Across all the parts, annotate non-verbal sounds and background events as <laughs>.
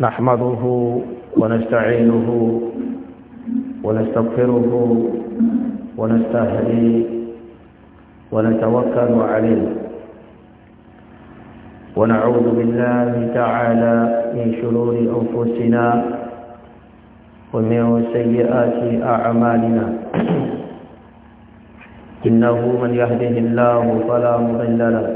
نحمده ونستعينه ونستغفره ونستهديه ونتوكل عليه ونعوذ بالله تعالى من شرور أنفسنا ومن سيئات أعمالنا إنه من يهده الله فلا مضل له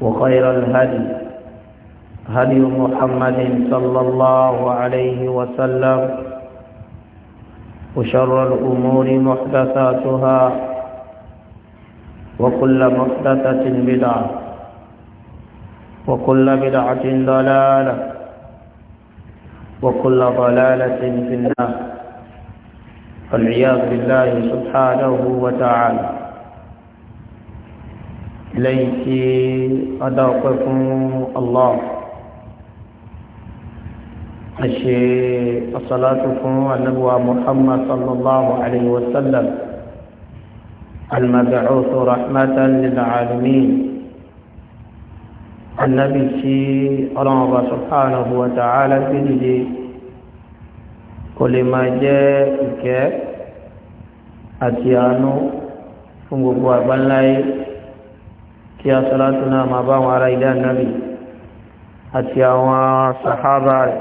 وخير الهدي هدي محمد صلى الله عليه وسلم وشر الأمور محدثاتها وكل محدثة بدعة وكل بدعة ضلالة وكل ضلالة في النار والعياذ بالله سبحانه وتعالى lẹ́yìn tí a dá ọpẹ́ fún Allah a ṣe asalatu fún anabuwa muhammad sallallahu alayhi wa sallam المبعوث رحمة للعالمين النبي في الله سبحانه وتعالى في kò lè máa jẹ́ ìkẹ́ àti àánú fún gbogbo àgbáńláyé kí a sọ́látù náà máa bá wọn ará ilé ànábì àti àwọn sàhábà rẹ̀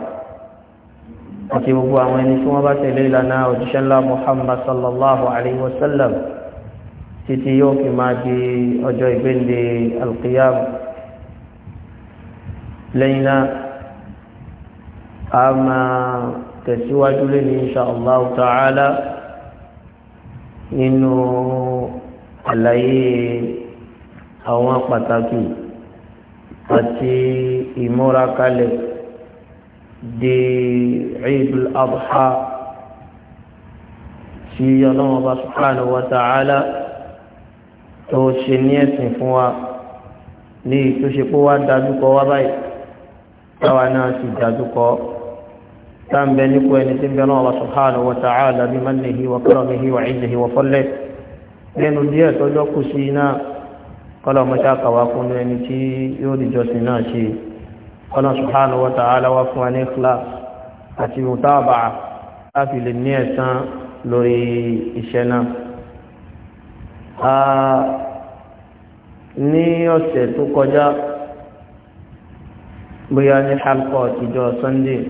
àti gbogbo àwọn ẹni tí wọ́n bá tẹ̀lé ìlànà òjíṣẹ́ ńlá Muhammad sallallahu alaihi wasallam títí yóò fi máa di ọjọ́ ìgbéǹde alqiyam lẹ́yìn a máa tẹ̀síwájú lé ní ta'ala nínú àlàyé àwọn pàtàkì àti ìmúrakalẹ̀ de Eidul Adha tí ọlọ́wọ́n bá subhanahu wa ta'ala tó ṣe ní ẹ̀sìn fún wa ní ìtúnṣepọ̀ wa dájúkọ wá báyìí táwa náà sì dájúkọ táǹbẹ nípò ẹni tí ń bẹ náà wà subhanahu wa ta'ala bi mannihi wa karamihi wa 'izzihi wa fadlihi nínú díẹ̀ tọ́jọ́ kù sí náà kọ́lọ̀ mọ́ṣá kàwá kún ẹni tí yóò di jọ́sìn náà ṣe kọ́lọ̀ subhanahu wa ta'ala wá fún wa ní ikhlas àti mutaba'a láti lè ní ẹ̀san lórí iṣẹ́ náà ní ọ̀sẹ̀ tó kọjá bóyá ní halqa ìjọ sunday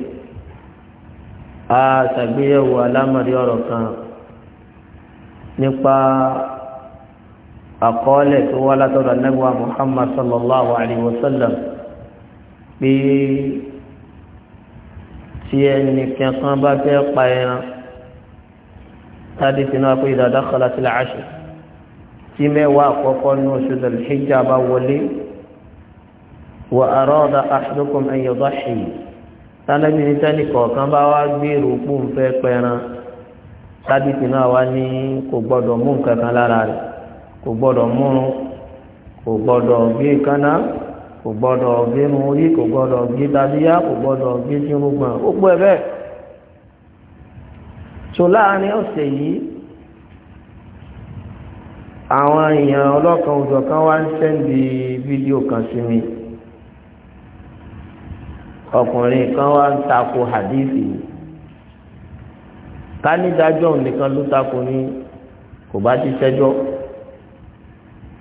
a ṣàgbéyẹ̀wò alámọ̀rí ọ̀rọ̀ kan nípa àkọọ́lẹ̀ tó wá látọ̀dọ̀ anábíwá muhammad sallallahu alayhi wa sallam pé tí ẹnì kankan bá fẹ́ pa ẹran tàbí sínú apé ìdàdá kọlá sílẹ̀ àṣẹ tí mẹ́wàá àkọ́kọ́ ní oṣù Dhul-Hijjah bá wọlé wa arada ahadukum an yudhi tánàbí ní tẹ́nì kọ̀ọ̀kan bá wá gbèrò pò ń fẹ́ pẹran tàbí sínú àwa ní kò gbọ́dọ̀ mú nǹkan kan lára rẹ̀ kò gbọ́dọ̀ múrun kò gbọ́dọ̀ gé kaná kò gbọ́dọ̀ gé orí kò gbọ́dọ̀ gé tàbíyá kò gbọ́dọ̀ gé tìrúgbọ̀n ó pọ̀ ẹ̀ bẹ́ẹ̀. so láàrin ọ̀sẹ̀ yìí àwọn èèyàn ọlọ́kan òjò kan wá ń sẹ́ndì fídíò kan sí mi ọkùnrin kan wá ń takò hadithi ká nídájọ́ nìkan ló takò ní kò bá ti ṣẹjọ́.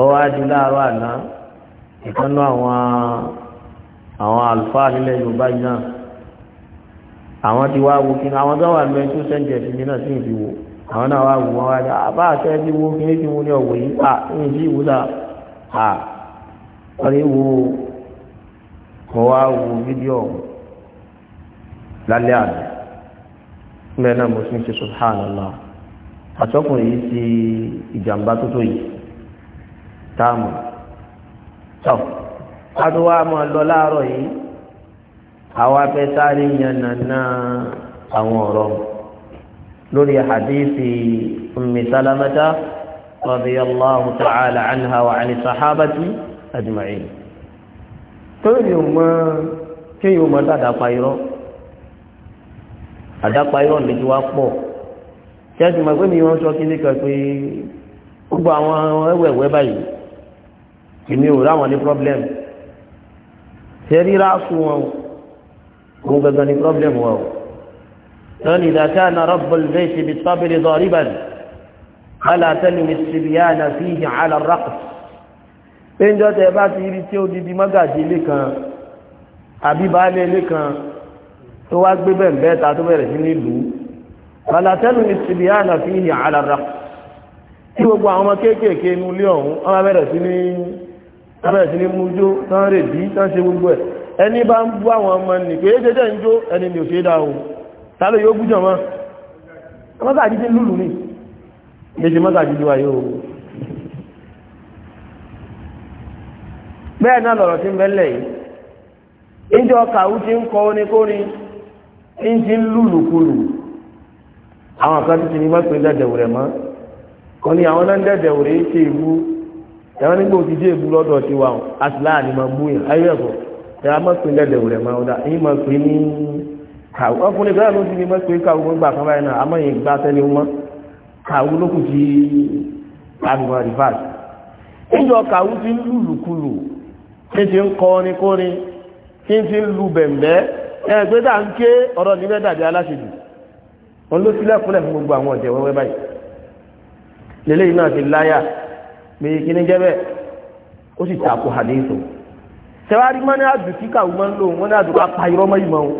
ọwọ́ adi láàárọ̀ àná ìkànnú àwọn àwọn àlùfáà nílẹ̀ yorùbá yìí náà àwọn ti wá wo kíni àwọn tó wà lóyún tó sẹ́ǹtì ẹ̀sìn mi náà sì ń fi wò àwọn náà wá wò wọ́n wá ní àbá àṣẹ ti wo kíní ti wo ní ọ̀wọ̀ yìí à ń sí ìwúlà à wọ́n lè wo mo wá wo fídíò lálẹ́ àná bẹ́ẹ̀ náà mo sì ń ṣe subhanallah àtọkùnrin yìí ti ìjàmbá tó tó yìí táàmù tọ́ adúwà máa lọ láàárọ̀ yìí àwa fẹ́ sáré yànnàná àwọn ọ̀rọ̀ lórí hadithi ummi salamata radiyallahu ta'ala anha wa ani sahabati ajma'in tóyìn yóò mọ kéèyàn mọ dáadáa irọ́ àdápa irọ́ mi wá pọ̀ kí ẹ sì mọ̀ pé mi wọ́n sọ kí ní kan pé gbogbo àwọn ẹwẹ̀wẹ̀ báyìí èmi ò ráwọn ní problem ṣe ríra sùn wọn òun gangan ní problem wọn o lọ́nà ìdáká na rọ́bùl bẹ́ẹ̀ ṣe bí tọ́bìrì zọríbà ní alátẹ́lù ní ṣìbíyà na fi hàn alárọ́kù péńjọ tẹ bá ti rí tí ó di di mọ́gàjì ilé kan àbí baálé ilé kan tó wá gbé bẹ́ẹ̀ bẹ́ẹ̀ ta tó bẹ̀rẹ̀ sí nílùú alátẹ́lù ní ṣìbíyà na fi hàn alárọ́kù tí gbogbo àwọn ọmọ kéékèèké inú ọ̀hún ọmọ bẹ̀rẹ̀ sí ní tábẹ̀ sí ní mú jó tán rè bí tán ṣe gbogbo ẹ̀ ẹni bá ń bú àwọn ọmọ nì pé jẹjẹ ń jó ẹni mi ò ṣe é dá o tálọ yóò bú jọmọ mọ́tàjí ti lùlù ní méjì mọ́tàjí ti wà yóò bẹ́ẹ̀ náà lọ̀rọ̀ tí ń bẹ́lẹ̀ yìí ìjọ kàwú ti ń kọ oníkórin ń ti ń lùlùkulù àwọn kan ti ti ní ẹ̀wọ́n nígbà òtí dé lọ́dọ̀ ti wà ọ́ àtìlá máa a máa pè lẹ́dẹ̀ rẹ̀ máa máa pè ní kàwé ọkùnrin bẹ́ẹ̀ ló ti ní máa pè káwé gbogbo àkàbà yẹn náà yẹn gbá wọn kàwé ló kù sí rivers níjọ kàwé ti ń lùlùkulù tí ti ń kọrin kórin ni ti ń lu bẹ̀m̀bẹ́ ẹgbẹ́ dà ń ké ọ̀rọ̀ níbẹ̀ dàbí aláṣejù wọn ló sílẹ̀ fúnlẹ̀ fún gbogbo àwọn ọ̀jẹ̀ wẹ́wẹ́ báyìí pé kí ni jẹ́ bẹ́ẹ̀ ó sì tako hadithu tẹwárí mọ́ni àdùkí káwọn máa ń lò wọ́n ní àdùkí pa irọ́ mọ́ ìmọ̀ o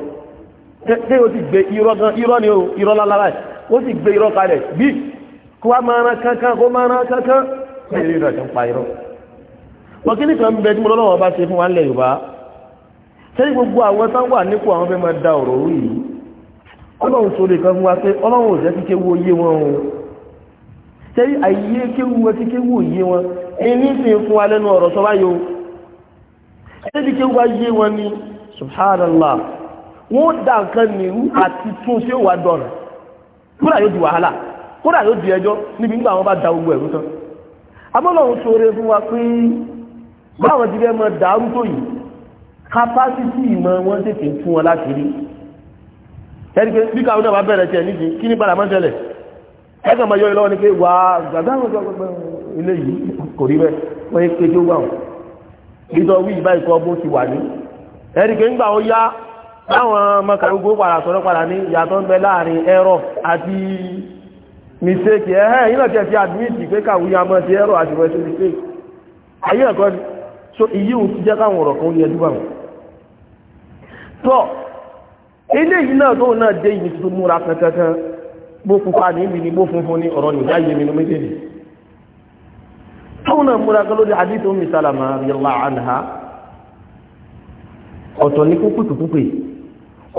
tẹ́ o ti gbé irọ́ gan irọ́ ni o irọ́ lálára ẹ̀ ó sì gbé irọ́ kalẹ̀ bí kó wá máa kankan kó máa kankan lẹ́yìn irọ́ ti ń pa irọ́ wọ́n kí ní kan bẹ tí mo lọ́wọ́ bá ṣe fún wa ńlẹ̀ Yorùbá gbogbo àwọn tán wà da ọ̀rọ̀ yìí Ọlọ́run sọ lè kan fún wa pé Ọlọ́run ṣé àyè kéwu wọn kí kéwu yé wọn ẹni sì ń fún wa lẹ́nu ọ̀rọ̀ sọ báyìí o ẹni sì kéwu wa yé wọn ni subhanallah wọn dà nǹkan nìrú àti tún ṣé wàá dọ̀nà kódà yóò di wàhálà kódà yóò di ẹjọ́ níbi nígbà wọn bá da gbogbo ẹ̀rú tán abọ́lọ́run sọ̀rọ̀ fún wa pé báwọn ti fẹ́ mọ dàrú tó yìí kapásítì ìmọ̀ wọn tètè fún wọn láti rí ẹni pé bí káwọn náà bá bẹ̀rẹ̀ tiẹ̀ nídìí kí ní padà máa ń tẹ̀lẹ̀ ẹgbẹ́ ma yọ ilé wọn ni pé wà á gbàgbà wọn sọ pé ilé yìí kò rí bẹ́ẹ̀ wọ́n yẹ pé tó wà wọn nítorí wí kọ́ bó ti wà ní. ó yá padà sọ̀rọ̀ padà ní ìyàtọ̀ ń bẹ láàrin ẹ̀rọ àti mistake yìí ti ẹ̀rọ àti mistake ayé ẹ̀kọ́ bó pupa ní ibi ni bó funfun ní ọ̀rọ̀ nìyá yé mi ní méjèèjì tóun náà múra gan lórí hadith Ummi Salama radiyallahu anha ọ̀tọ̀ ní kókó tòkópè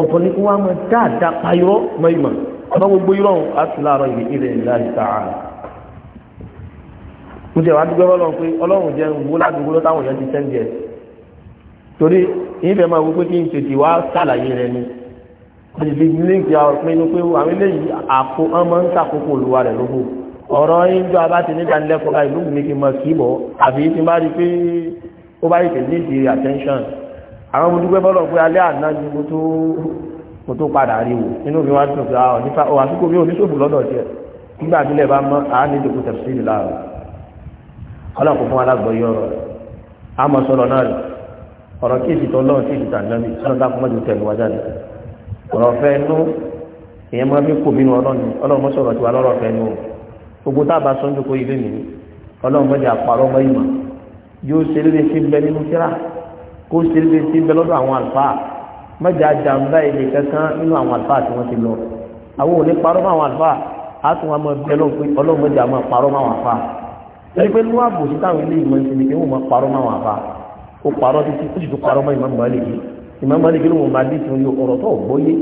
ọ̀tọ̀ ní kó wá mọ dáadáa payọ́ mọ́ìmọ̀ ọ̀tọ̀ gbogbo irọ́ àti láàárọ̀ ìwé ilẹ̀ ìlà ta'ala mo ṣe wá dúpẹ́ ọlọ́run pé ọlọ́run jẹ́ wó ládùúgbò táwọn èèyàn ti sẹ́ńdì ẹ̀ ni ìfi líǹkì ọ̀pinnu pé àwọn eléyìí àpò ọmọ ń sàkókò olúwa rẹ̀ lóko ọ̀rọ̀ ìjọ abáti nígbà lẹ́kọ̀ọ́ láì lóògùn ní kí n mọ kí bọ̀ àbí tí n bá rí i pé ó bá yìí tẹ̀lé ìdí attention àwọn ọmọ dúpẹ́ bọ́lọ̀ pé alẹ́ àná ni mo tó mo tó padà rí wò nínú mi wá dùn pé ọ nípa ọ àsìkò mi ò ní ṣòfò lọ́dọ̀ tiẹ̀ nígbà abilẹ̀ bá mọ́ àá ní ìdòkú tẹ̀síìlì láàrọ̀ ọlọ́run fún alágbọ̀yé ọ̀rọ̀ fẹ́ nú èèyàn máa fi kò bínú ọlọ́ni ọlọ́run mọ́sọ̀rọ̀ tiwa lọ́rọ̀ fẹ́ nú gbogbo tá a bá sọ́njú kó ilé nìyí ọlọ́run mọ́jà àparọ́ mọ́ ìmọ̀ yóò ṣe léde sí bẹ nínú kíra kó ṣe léde sí bẹ lọ́dọ̀ àwọn àlùfáà mọ́jà jàǹbá ilé kankan nínú àwọn àlùfáà tí wọ́n ti lọ àwọn ò ní parọ́ àwọn àlùfáà á tún wọn mọ́ bẹ ọlọ́run mọ́jà máa parọ́ mọ́ àwọn àlùfáà ẹni pé ní wàá táwọn ilé ìmọ̀ ìsinmi pé wọ́n máa parọ́ ìmọ̀mọ́ ní kí ló mọ̀ bá dì tún yóò ọ̀rọ̀ tó gbóyé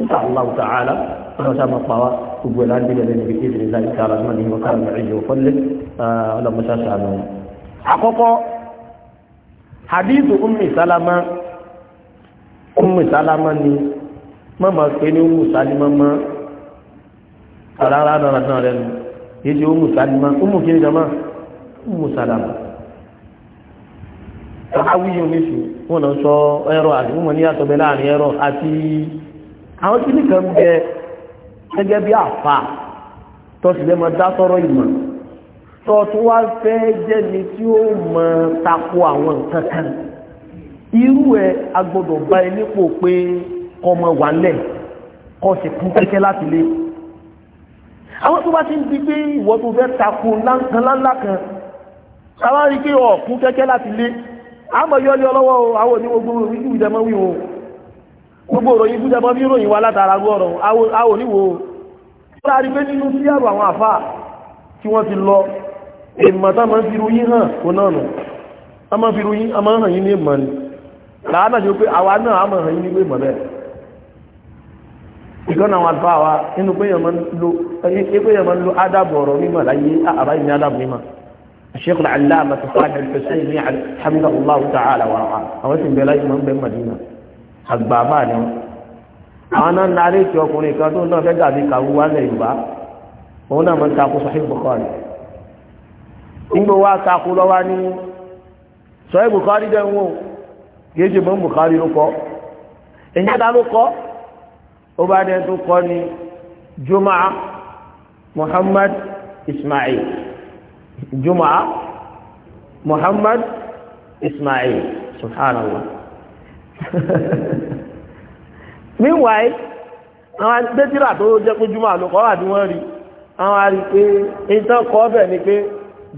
insha Allah ta'ala ọ̀rọ̀ sáà máa pàwá gbogbo ẹ̀lá dé lẹ́nu ibi ìdílé láì ká ara sọ́mọ́ ní wọ́n ká lọ́rọ̀ ìjọ fọ́lẹ́ ọlọ́mọṣá sàánú. àkọ́kọ́ hadithu ummi salama ummi salama ni mọ́mọ́ pé ní ummi salima mọ́ rárá rárá náà rẹ̀ nù yéé ṣe ummi salima ummi kiri jama ummi salama awiyo nísì wọn náà sọ ẹ̀rọ àti wọn ní yàtọ̀ bẹ láàrin ẹ̀rọ àti àwọn tí nìkan bẹ gẹ́gẹ́ bí àfà tọ́sí lẹ́mọ dá sọ́rọ̀ ìmọ̀ tọ́ tó wá fẹ́ jẹ́ni tí ó mọ tako àwọn nǹkan kan irú ẹ agbọ́dọ̀ bá ẹ nípò pé kọmọ wà lẹ̀ kọ́ sì kún kẹ́kẹ́ láti lé àwọn tó bá ti ń di pé ìwọ tó fẹ́ tako láńkan láńlá kan sáwárí pé ọ̀kún kẹ́kẹ́ láti lé àmọ́ yọ ní ọlọ́wọ́ àwọn òní gbogbo ìlú ìjẹmọ́ wíwo gbogbo òròyìn ìlú ìjẹmọ́ bí ròyìn wa látara gbọ́rọ̀ àwọn oníwo wọ́n rárí pé nínú sí àrò àwọn àfà tí wọ́n ti lọ èmọ̀tá máa ń fi ròyìn hàn kó náà nù a máa fi ròyìn a máa hàn yín ni làánà ṣe wa nínú pé èèyàn máa ń ọ̀rọ̀ mímọ̀ láyé àbáyé ní ádàbọ̀ mímọ̀ الشيخ العلامة صالح الحسين يعني حمد الله تعالى ورعاه àwọn tí ń bẹ láyé wọ́n ń bẹ Madina àgbààbá ni wọ́n àwọn náà nàárẹ̀ tí ọkùnrin kan tó náà fẹ́ dàbí kàwú wá lẹ̀ yorùbá òun náà máa ń takò Sahih Bukhari nígbà wa takò lọ́wọ́ ní Sahih Bukhari dẹ̀ ń wò kì í ṣe mọ́ Bukhari ló kọ́ ẹ̀yìn ta ló kọ́ ó bá dẹ̀ tó kọ́ ni Jum'a Muhammad Ismail juma muhammad ismail subhanallah <laughs> meanwhile àwọn adéjìlá tó jẹ́ pé juma ló kọ́ àti wọ́n rí àwọn àrí pé ìtàn kọ́ bẹ̀ ni pé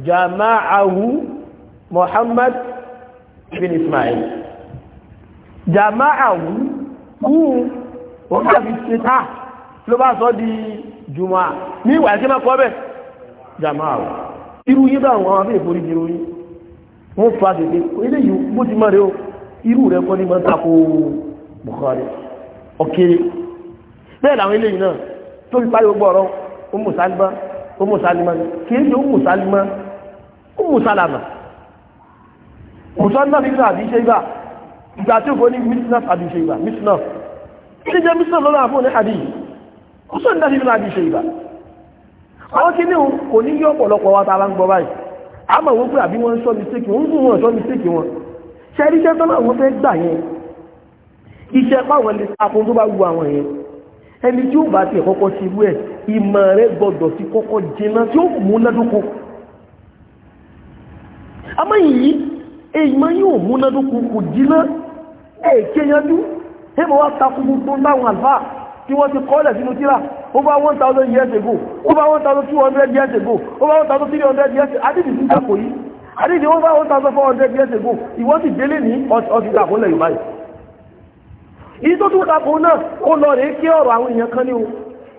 jama'ahu muhammad bin ismail jama'ahu kú wọ́n bá ló bá sọ di juma meanwhile kí máa kọ́ bẹ̀ jama'ahu irú yí bá àwọn abẹ́ ìforíjì ìròyìn wọ́n fa dèdè ilé yìí bó ti máa rẹ̀ o irú rẹ̀ kọ́ ní máa tako Bukhari ọ̀kẹ́rẹ́ bẹ́ẹ̀ làwọn ilé yìí náà tó fi páyọ̀ gbọ́ ọ̀rọ̀ Ummu Salima Salama mùsàlùmá fi gbà àbí ṣe gbà ìgbà tí ó kọ́ ní misnaf àbí ṣe gbà misnaf kí àwọn kí ní kò ní yí ọ̀pọ̀lọpọ̀ wa ta bá ń gbọ́ báyìí a mọ̀ wọ́n pé àbí wọ́n ń sọ mistake wọ́n ń gún wọn sọ mistake wọn ṣe rí iṣẹ́ tọ́lá wọn fẹ́ gbà yẹn iṣẹ́ páwọn lè ta fún tó bá wu àwọn yẹn ẹni tí ó bá tiẹ̀ kọ́kọ́ ti wú ẹ̀ ìmọ̀ rẹ gbọ́dọ̀ ti kọ́kọ́ jiná tí ó mú lẹ́dúnkù àmọ́ yìí èèmọ̀ yóò mú lẹ́dúnkù kò jiná ẹ̀ẹ́kẹ́yanjú ẹ̀mọ̀ wá takú gbogbo láwọn àlfà tí wọ́n ti kọ́lẹ̀ sínú over one thousand years ago over one thousand two hundred years ago over one thousand three hundred years ago adídì sí ìdàpọ̀ yìí adídì over one thousand four hundred years ago ìwọ́n ti délé ní ọtí ìdàpọ̀ lẹ̀ yorùbá yìí. èyí tó tún dàpọ̀ náà ó lọ rèé kí ọ̀rọ̀ àwọn èèyàn kan ní o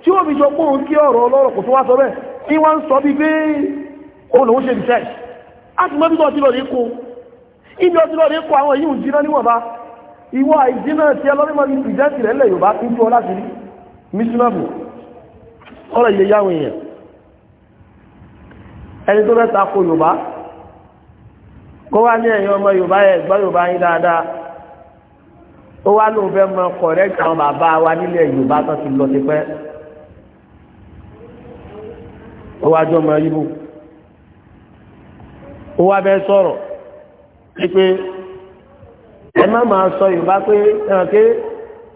tí ó fi sọ pé òun kí ọ̀rọ̀ ọlọ́rọ̀ kò tó wá sọ bẹ́ẹ̀ kí wọ́n ń sọ bíi pé òun lòún ṣe research á ti mọ́ bí tó ti kó ibi ọtí lọ kó àwọn yìí ń jiná níwọ̀nba ìwọ àìjínà tí ẹlọ́rí mọ́ pìjẹ́sì rẹ̀ lẹ̀ yorùbá ń tó ọ láti rí mísúnàbù kọ́rọ̀ ilé yáwọn èèyàn ẹni tó mẹ́ta kó yorùbá kó wá ní ẹ̀yìn ọmọ yorùbá ẹ̀ gbọ́ yorùbá yín dáadáa ó wá lóun fẹ́ mọ kọ̀rẹ́kì àwọn bàbá wa nílẹ̀ yorùbá tó ti lọ tipẹ́ ó wá jọ ọmọ yíbù ó wá bẹ́ sọ̀rọ̀ pípé ẹ má máa sọ yorùbá pé ẹ̀ràn pé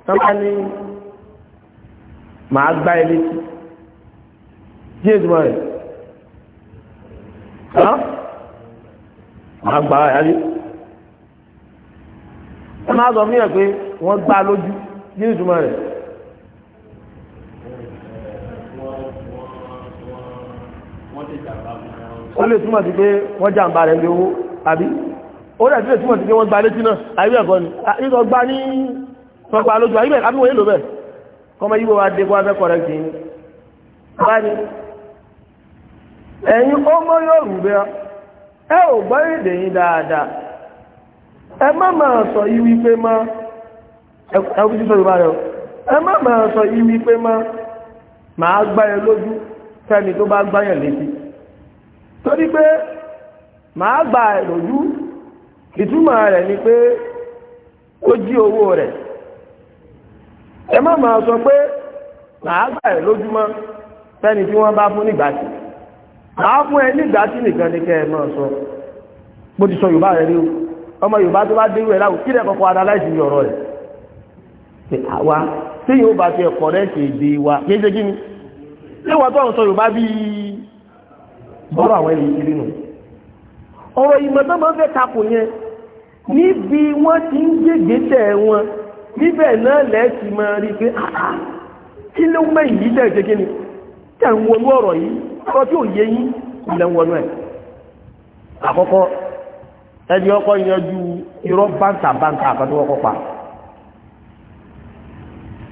wọ́n bá ní màá gbá ẹ létí jí ètùmọ̀ rẹ̀ ha máa gbà á yálé ẹ máa sọ fún yẹn pé wọ́n gbá lójú jí ètùmọ̀ rẹ̀ ó lè túmọ̀ sí pé wọ́n jàǹbá rẹ̀ lé owó àbí ó dẹ̀ tí lè túmọ̀ sí pé wọ́n gba létí náà àyíbẹ̀ ẹ̀kọ́ ni àyíkọ́ gbá ní sọgbà lójú àyíbẹ̀ àbí wọ́n yé lò bẹ́ẹ̀ kọ́mọ yíwo wa dé kó wá fẹ́ kọ̀rẹ́kì báyìí ẹ̀yin ọmọ Yorùbá ẹ ò gbọ́ èdè dáadáa ẹ má máa sọ iwu má ẹ má máa sọ iwu wípé má máa ẹ lójú fẹ́ni tó bá gbáyàn létí torí pé máa gbà ẹ lójú ìtumọ̀ rẹ̀ ni pé ó jí owó rẹ̀ ẹ má máa sọ pé máa gbà ẹ lójúmọ́ fẹ́ni tí wọ́n bá fún nígbàtí máa fún ẹ nígbàtí nìkan ní sọ bó ti sọ yorùbá rí o ọmọ yorùbá tó bá dérú ìwé láwùjọ kí lẹ kọ́kọ́ ní ọ̀rọ̀ tí yóò bá fi ẹ̀kọ́ rẹ ṣe èdè wa ṣé tó ń sọ yorùbá bíi bọ́rọ̀ àwọn ẹ̀yìn nù ọ̀rọ̀ ìmọ̀ tó máa ń fẹ́ yẹn níbi wọ́n ti ń gbègbè tẹ̀ wọn níbẹ̀ ọ̀rọ̀ tí ò yé yín ilẹ̀ ń wọnú ẹ̀ àkọ́kọ́ ẹni ọkọ yanjú irọ́ báńtà báńtà àkọ́tí wọ́n kọ́ pa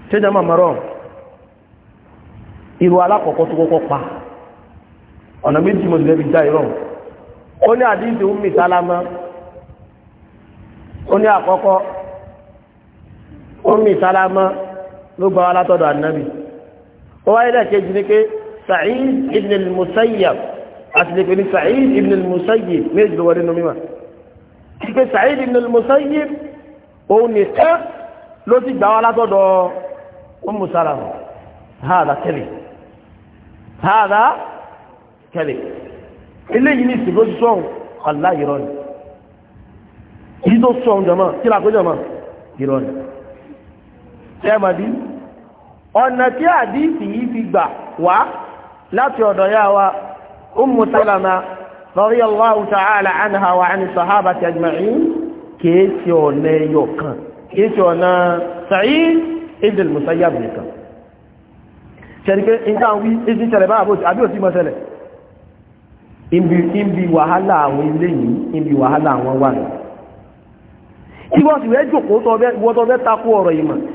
ṣéjà máa mọ̀rọ̀ alákọ̀ọ́kọ́ tó kọ́kọ́ pa ọ̀nà méjì mo lẹ́bi já irọ́ ó ní àdínkù Ummi Salama ó ní àkọ́kọ́ Ummi Salama ló gba wa látọ̀dọ̀ ànábì ó wáyé lẹ́ẹ̀kejì ní pé Sa'id ibn al-Musayyab àtìlẹ́pẹ̀ ní Sa'id ibn al-Musayyib méjì lọ́wọ́ nínú mímọ̀ pé Sa'id ibn al-Musayyib òun ni ẹ́ ló ti gbà wá látọ̀dọ̀ Ummu Salama hádà kẹ́lẹ̀ hádà kẹ́lẹ̀ eléyìí ní ìsìnkú sọ́hùn aláìrọ́ ni yìí tó sọ̀rọ̀ jọmọ́ kí lápé jọmọ́ ìrọ̀ ni ṣẹ́mọ̀dí ọ̀nà tí àdíìsì yìí fi gbà wá láti ọ̀dọ̀ yá wa Ummu Salama radiyallahu ta'ala anha wa 'an sahabati ajma'in kìí ṣe ọ̀nà ẹyọ kan kìí musayyab nìkan jòkó takó ọ̀rọ̀ ìmọ̀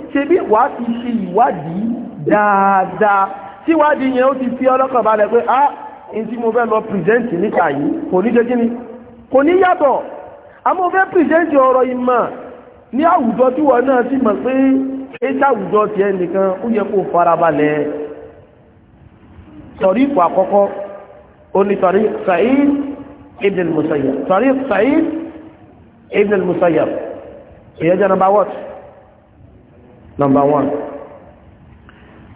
ṣe bí ti ṣe ìwádìí dáadáa tíwádìí yẹn ó ti fi ọlọ́kàn balẹ̀ pé ah n tí mo fẹ́ lọ pìrìsẹ́ǹtì níta yìí kò ní ṣe kíni kò ní yàtọ̀ àmọ́ mo fẹ́ pìrìsẹ́ǹtì ọ̀rọ̀ ìmọ̀ ní àwùjọ tí wọ́n náà ti mọ̀ pé ẹjẹ́ àwùjọ tiẹ̀ nìkan ó yẹ kó farabalẹ̀ sọ̀rí ipò àkọ́kọ́ ó ní sọ̀rí Sa'id ibn musayyab sọ̀rí Sa'id ibn musayyab ìyẹn jẹ́ number what number one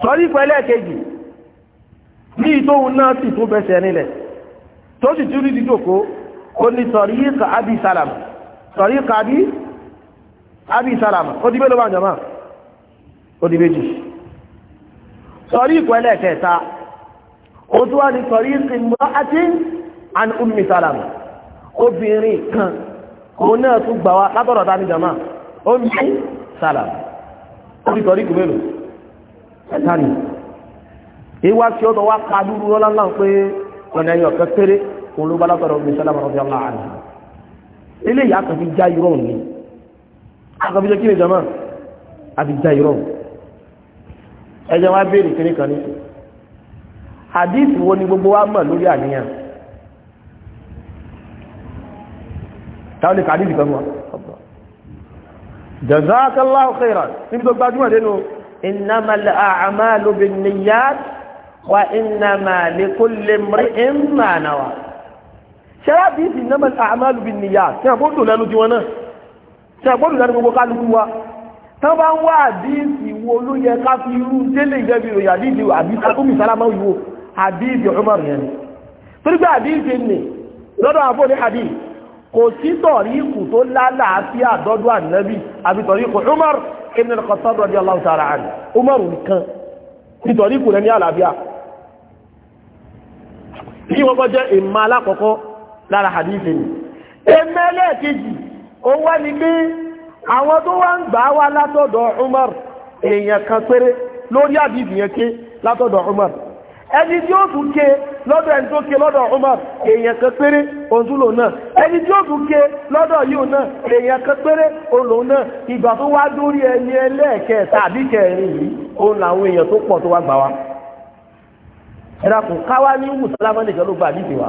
sọ̀rí ipò ẹlẹ́ẹ̀kejì ní ìtóhun náà sì tó bẹ̀sẹ̀ nílẹ̀ tó sì tún rídí jòkó ó ní tọ̀ríkà abi salama tọ̀ríkà bí abi salama ó di mélòó bá jọmọ́ ó di méjì tọ̀ríkù ẹlẹ́ẹ̀kẹta ó tún wá ní tọ̀ríkì mọ́átín an ummi salama obìnrin kan òun náà tún gbà wá látọ̀rọ̀ ta ní ó ní salama ó di tọ̀ríkù mélòó ẹ̀ta ìwà tí ó tọ́ wá pa dúró lọ́la ńlá pé ọ̀nà ẹ̀yọ̀ kan péré òun ló bá látọ̀dọ̀ ọ̀gbìn sálámà rọ̀bì ọ̀la àná eléyìí àkànfi já irọ́ òní àkànfi jẹ́ kí ni jama àti já irọ́ ẹ̀jẹ̀ wa béèrè kiri kan ní hadith wo ni gbogbo wa mọ̀ lórí àníyàn táwọn lè ka hadith kan wà jazakallahu khairan níbi tó gbajúmọ̀ dénú innamal a'malu bin niyyat wa innama li kulli mri'in ma nawa sẹ́ráàbì ìsì innama al-a'malu binniyat tí a gbọ́dọ̀ lẹ́nu tiwọn náà tí a gbọ́dọ̀ lẹ́nu gbogbo kálukú wa tí wọ́n bá ń wá àdíìsì wo ló yẹ ká fi irú délé ìjẹ́bi ròyìn àdíìsì àdíìsì àkómi sálámà ìwò àdíìsì Umar yẹn ni torí pé àdíìsì ni lọ́dọ̀ àbọ̀ ní àdíìsì kò sí tọ̀rí ikù tó lálàáfíà dọ́dọ̀ ànábì àbí tọ̀rí Umar ibn al-Khattab radiyallahu ta'ala anhu Umar nìkan nítorí ikù rẹ̀ ní àlàáfíà kí wọ́n kọ́ jẹ́ ìmọ̀ alákọ̀ọ́kọ́ lára hadith ni ẹ̀mẹ́ lẹ́ẹ̀kejì o wá ní pé àwọn tó wá ń gbà wá látọ̀dọ̀ Umar èèyàn kan péré lórí hadith yẹn ké látọ̀dọ̀ Umar ẹni tí ó tún ké lọ́dọ̀ ẹni tó ké lọ́dọ̀ Umar èèyàn kan péré òǹtúlò náà ẹni tí ó tún ké lọ́dọ̀ náà èèyàn kan péré náà ìgbà tó wá dórí ẹni ẹlẹ́ẹ̀kẹ́ tàbí kẹrin yìí làwọn èèyàn tó pọ̀ tó wá ẹ̀dàkùn káwá ní mùsùlámà nìkan ló gba àdìsí wa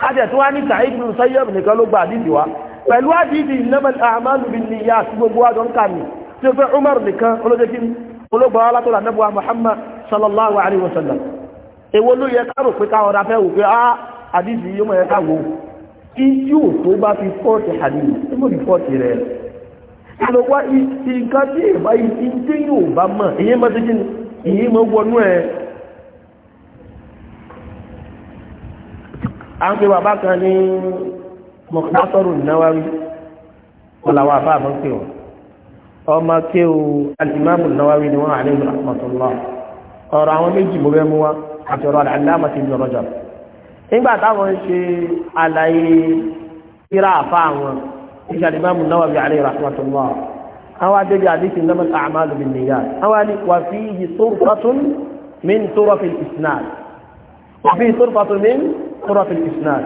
kájẹ̀ tó wá ní sàáìd bin sayyid nìkan ló gba àdìsí wa pẹ̀lú àdìsí innamal a'malu binniyat àti gbogbo wa dọ́n kàmi tí ó fẹ́ umar nìkan olójékin olóògbà alátó la nẹ́bùwa muhammad sallallahu alaihi wasallam èwo ló yẹ ká rò pé káwọn ra fẹ́ wò pé ah àdìsí yóò mọ̀ ẹ́ káwó iye ò a ń pe bàbá kan ní mọ̀kásọ́rù náwárí ọ̀làwọ̀ àbá àmọ́ pé wọn ọmọ kí o alìmáàmù náwárí ni wọ́n àlejò àpọ̀tọ̀lọ́ ọ̀rọ̀ àwọn méjì mo fẹ́ mú wá àti ọ̀rọ̀ àdáàmà ti ń lọ́rọ̀ jọ nígbà táwọn ṣe àlàyé kíra àfa ìṣe alìmáàmù náwárí àlejò àpọ̀tọ̀lọ́ àwọn adébí àdìsí náà mọ́ta àmàlù bí nìyà àwọn ni wà fi yìí tó min tó rọ́fì ìsìnà wà fi yìí tó rọ́fì في طرف الإسناد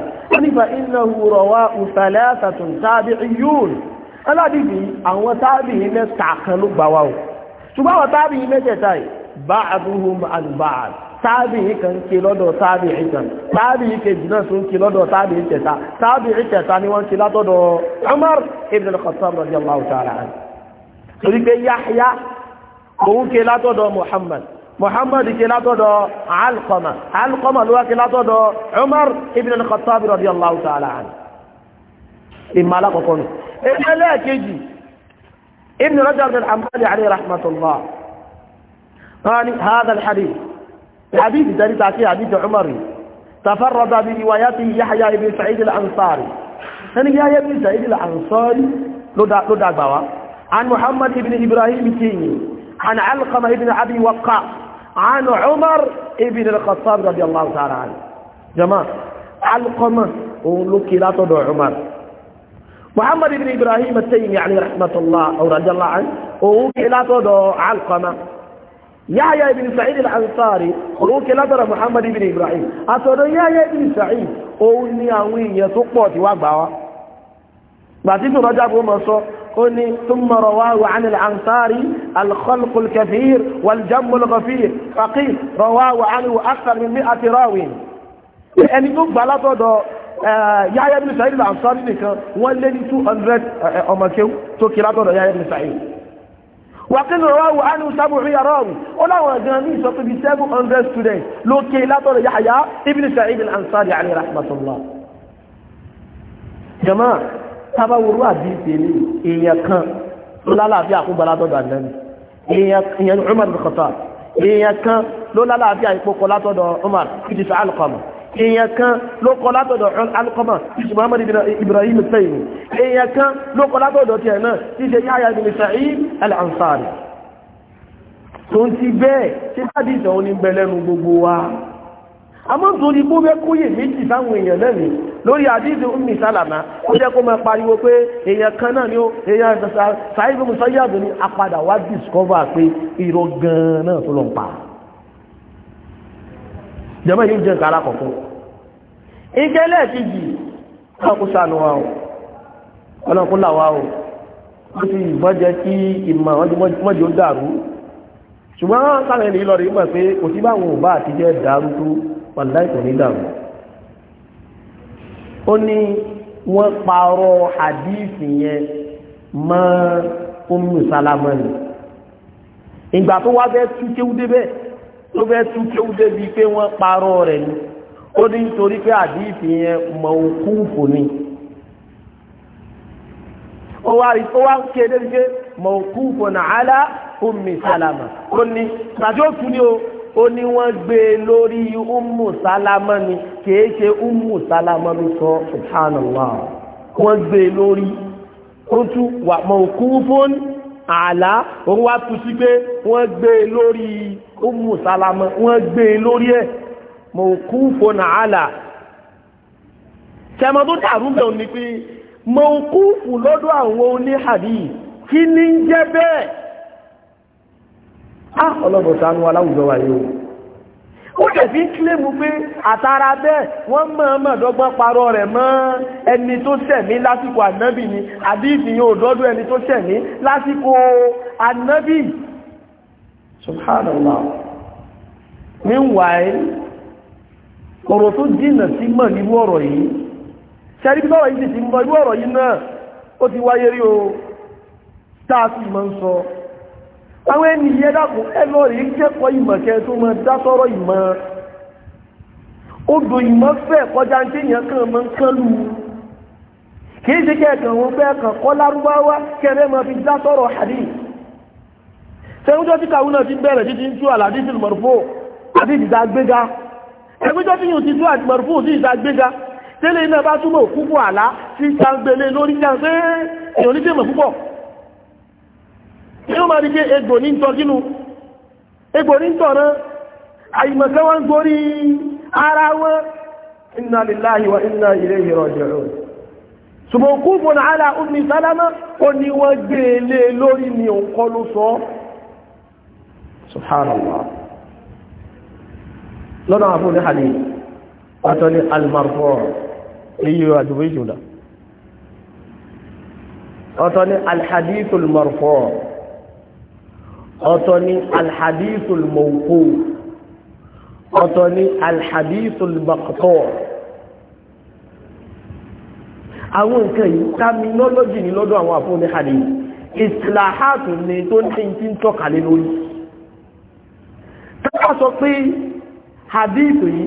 إنه رواه ثلاثة تابعيون aládìbí àwọn tábì تابعين kan ló gbà wá o ṣùgbọ́n àwọn tábì mẹ́tẹ̀ẹ̀ta yìí ba'duhum an ba'd tábì kan ké lọ́dọ̀ tábì kan tábì kejì náà tún ké lọ́dọ̀ tábì kẹta tábì kẹta ni wọ́n ké látọ̀dọ̀ Umar ibn al-Khattab radiyallahu ta'ala anhu torí pé Yahya òun ké látọ̀dọ̀ Muhammad muhammad ke látọ̀dọ̀ alqama alqama ló wá ke látọ̀dọ̀ umar ibn al-khattab radiyallahu ta'ala anhu ìmọ̀ alákọ̀ọ́kọ́ nù èyí ẹlẹ́ẹ̀kejì ibn rajab bin hanbali alayhi rahmatullah qali hadha al-hadith الحديث الذي تأتيه حديث عمر تفرد بروايته يحيى بن سعيد الأنصاري يعني يحيى بن سعيد الأنصاري لدى بوا عن محمد بن إبراهيم التيمي عن علقمة ابن أبي وقاص عن عمر ابن الخطاب رضي الله تعالى عنه جماعة علقمة ولك لا تدع عمر محمد بن إبراهيم التيمي يعني رحمة الله أو رضي الله عنه ولك لا تدع علقمة يحيى ابن سعيد الأنصاري ولك لا تدع محمد بن إبراهيم أتدع يحيى ابن سعيد أولي أولي يتقوى تواقبها بعد ذلك رجع بهم قني ثم رواه عن الأنصاري الخلق الكثير والجم الغفير فقيل رواه عنه أكثر من 100 راوي يعني تقبل تدو Yahya bin Sa'id al-Ansari nìkan wọ́n lé ní 200 ọmọkéw tó kí látọ̀dọ̀ Yahya bin Sa'id wàkílù rọwáwù ánú sábùrú yàrọ́rù ó láwọn ọ̀gán ní ìsọ́pẹ̀bí 700 students ló kí látọ̀dọ̀ Yahya ibn Sa'id al-Ansari alayhi rahmatullah tábàwòrú àdìsí ní èèyàn kan ló lálàáfíà fún balátọ́dọ̀ àdánì èèyàn Umar bin Khattab èèyàn kan ló lálàáfíà ìpokọ látọ̀dọ̀ Umar ìdí sọ alùpàmù èèyàn kan ló kọ látọ̀dọ̀ alùpàmù ìdí Muhammad Ibrahim sẹ́yìn èèyàn kan ló kọ látọ̀dọ̀ tiẹ̀ náà tí ṣe Yahya bin Sa'id al-Ansari tó ń àmọ́ nítorí bó fẹ́ kóyè méjì sáwọn èèyàn náà ni lórí àdídì Ummi Salama ó jẹ́ kó máa pariwo pé èèyàn kan náà ni ó èèyàn Sa'id Musayyab ni apadà wá discover pé irọ́ gan-an náà tó lọ ń pa jẹ́mọ́ yóò jẹ́ nǹkan àkọ́kọ́ ìkẹ́lẹ̀ kejì ọlọ́kún sànù wa o ọlọ́kún là wa o ó ti ìbọn jẹ́ kí ìmọ̀ mọ́jọ́ dàrú ṣùgbọ́n sáwọn ènìyàn mọ̀ pé òtí báwọn ò bá àtijọ́ dàrú tó wàláì kò ní dàrú ó ní wọ́n parọ́ àdíìsì yẹn mọ́ Ummu Salama ni ìgbà tó wá bẹ́ẹ̀ tú kéwú débẹ̀ tó bẹ́ẹ̀ tú kéwú débi pé wọ́n parọ́ rẹ̀ ni ó ní nítorí pé àdíìsì yẹn mọ̀ọ́kúfù ni ó wá rí ó wá ń kéde wípé mọ̀ọ́kúfù nàálà Ummu Salama ó ní tàbí ó tún ní o ó ní wọ́n gbé e lórí umu salama ni kìí ṣe umu salama ló sọ subhanallah wọ́n gbé e lórí kótó wà mawqufun àlá òun wá tu sí pé wọ́n gbé e lórí umu salama wọ́n gbé e lórí ẹ̀ mawqufun àlá tẹmọ tó dàrú bẹ́ẹ̀ ni pé mawqufu lọ́dọ̀ àwọn oníhàdí kí ni ń jẹ́ bẹ́ẹ̀. á ah, ọlọ́bọ̀ sánú aláwùjọ wà yóò ó tẹ̀sí kílèmù pé àtàrà bẹ́ẹ̀ wọ́n mọ̀ọ́mọ̀ dọ́gbọ́n parọ́ rẹ̀ mọ́ ẹni tó sẹ̀mí lásìkò ànábì ni àbí ìfìyàn ẹni tó sẹ̀mí lásìkò ànábì subhanallah àwọn ẹni yẹ dàkún ẹlọ rí kẹ́kọ̀ọ́ ìmọ̀ kẹ tó mọ dátọ́rọ̀ ìmọ̀ odò ìmọ̀ fẹ́ kọjá ní kéèyàn kan mọ́ ń kánlu kì í ṣe kẹ́ẹ̀kan wọn fẹ́ kàn kọ́ lárúbáwá kẹrẹ́ mọ́ fi dátọ́rọ̀ hadith sẹ́wọ́jọ́ tí kàwé náà ti bẹ̀rẹ̀ títí ń tú àlàdísì mọ̀rùfò àti ìdàgbéga ẹgbẹ́jọ́ tí yóò ti tú àti mọ̀rùfò sí ìdàgbéga tẹ́lẹ̀ iná bá túnmọ̀ púpọ̀ àlá tí sàgbélé lórí jàǹsẹ́ èèyàn ní tẹ́mọ̀ púpọ̀ yóò máa rí pé egbò ní tọ́ kínú egbò ní tọ́ náà àyìmọ̀kẹ́ wọ́n gorí ara wọn inna lillahi wa inna ilayhi raji'un ṣùgbọ́n ala ummi salama ó ní wọ́n gbé e lé e lórí ní ọkọ́ ló sọ ọ̀tọ́ ní al-hadithul ọ̀tọ̀ ni alhadithul mawqu ọ̀tọ̀ ni alhadithul maqtu àwọn nǹkan yìí terminology ni lọ́dọ̀ àwọn àfúnni hadith islahatu ni tó ní tí ń tọ́ka lé lórí tọ́ka sọ pé hadith yìí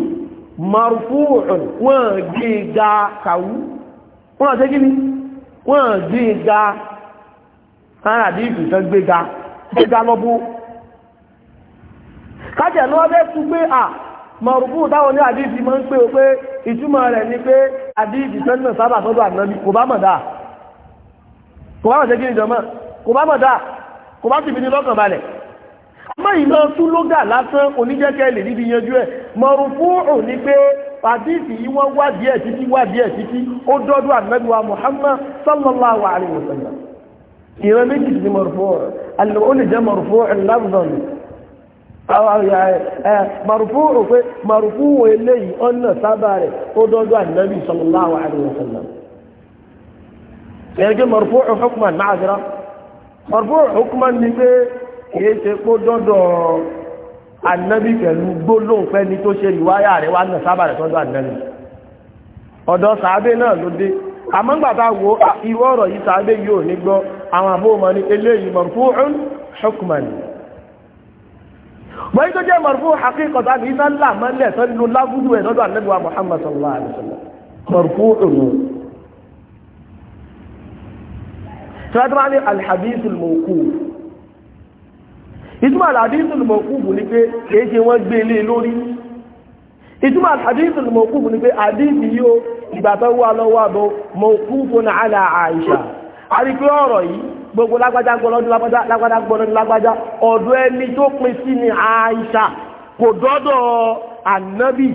marfu'un wọ́n gbé kàwú wọ́n àtẹ́gí ni wọ́n gbé hadith tó gbé gbégbá lọ́bú kájẹ̀ ní wọ́n fẹ́ tún pé à mọ̀rùkú táwọn ní àdíjì máa ń pè ó pé ìtumọ̀ rẹ̀ ni pé àdíjì sẹ́nà sábà sọ́dọ̀ ànábì kò bá mọ̀ dáa kò bá mọ̀ sí kí ni jọmọ́ kò bá mọ̀ dáa kò bá sì fi ní lọ́kàn balẹ̀ ọmọ ìlọ tún lógà lásán oníjẹ́kẹ́ lè níbi yanjú ẹ̀ mọ̀rùkú ò ní pé àdíjì yìí wọ́n wá díẹ̀ títí wá díẹ̀ títí ó dọ́dọ̀ ànábì wa Muhammad sallallahu alaihi wasallam ìran méjì sí marfu' alìwọ́ lè jẹ́ marfu' lafzan marfu' pé marfu' eléyìí ọ̀nà sábà rẹ̀ ó dọ́dọ̀ ànábì sallallahu alaihi wasallam ẹ̀rẹ́gẹ́ marfu' hukman ma'azira marfu' hukman ni pé kìí ṣe kó dọ́dọ̀ ànábì pẹ̀lú gbólóhùn pẹ́ ní tó ṣe ìwáyà rẹ̀ wá nà sábà rẹ̀ sọ́dọ̀ ànábì ọ̀dọ̀ sàábé náà ló dé àmọ́ngbàtà wo irú ọ̀rọ̀ yìí sàábé yóò ní gbọ́ àwọn àbúrò ní eléyìí marfu'un hukman wọ́n tó jẹ́ marfu' haqiqatan àbí iná ńlá mọ́lẹ̀ tó nínú lágúdú ẹ̀ lọ́dọ̀ Ànábì wa Muhammad sallallahu alaihi wasallam marfu'un tọ́lá ní alhadithul mawquf ìtumọ̀ alhadithul mawquf ní pé kìí ṣe àríkí ọ̀rọ̀ yìí gbogbo lágbájá gbọ́lọ́dún lágbájá lágbájá gbọ́lọ́dún lágbájá ọ̀dọ̀ ẹni tó pin sí ni àìsà kò dọ́dọ̀ ànábì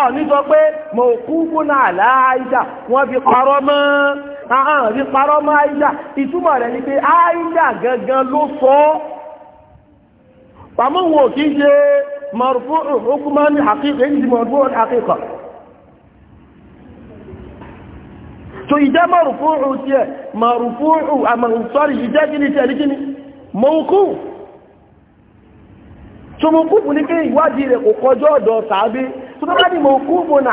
ọ nítorí pé mo kú gbóná wọ́n fi parọ́ mọ́ àhàn fi parọ́ mọ́ àìsà ìtumọ̀ rẹ̀ ni pé àìsà gangan ló sọ ọ́ pàmò wọn ṣe so ìjẹ́ márùfúrù tí ama márùfúrù àmàrùsọ́rì ìjẹ́ gíní tí ẹ̀rí gíní mọ́kú so mọ́kú bù ní pé ìwádìí rẹ̀ kò kọjọ́ ọ̀dọ̀ sàábí so tó bá ní mọ́kú bù ní tó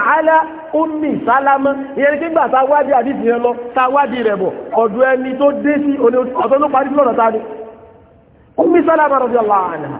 ta ni omi sálámá radiyallahu anha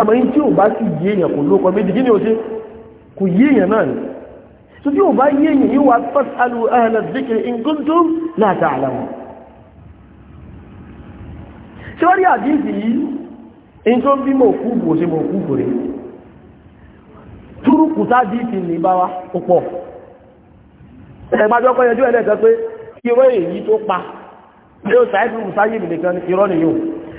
ẹmọ yìí tí ò bá sì yé kò lókọ méjì ni ó ṣe kò yé náà ni tó tí ò bá yé èèyàn yìí wà fasalu ahla zikri in kuntum la ta'lamun yìí in tó ń bí mọ̀ kú bò ṣe mọ̀ kú bò rẹ̀ túrùkù ní bá wa ẹgbàjọ́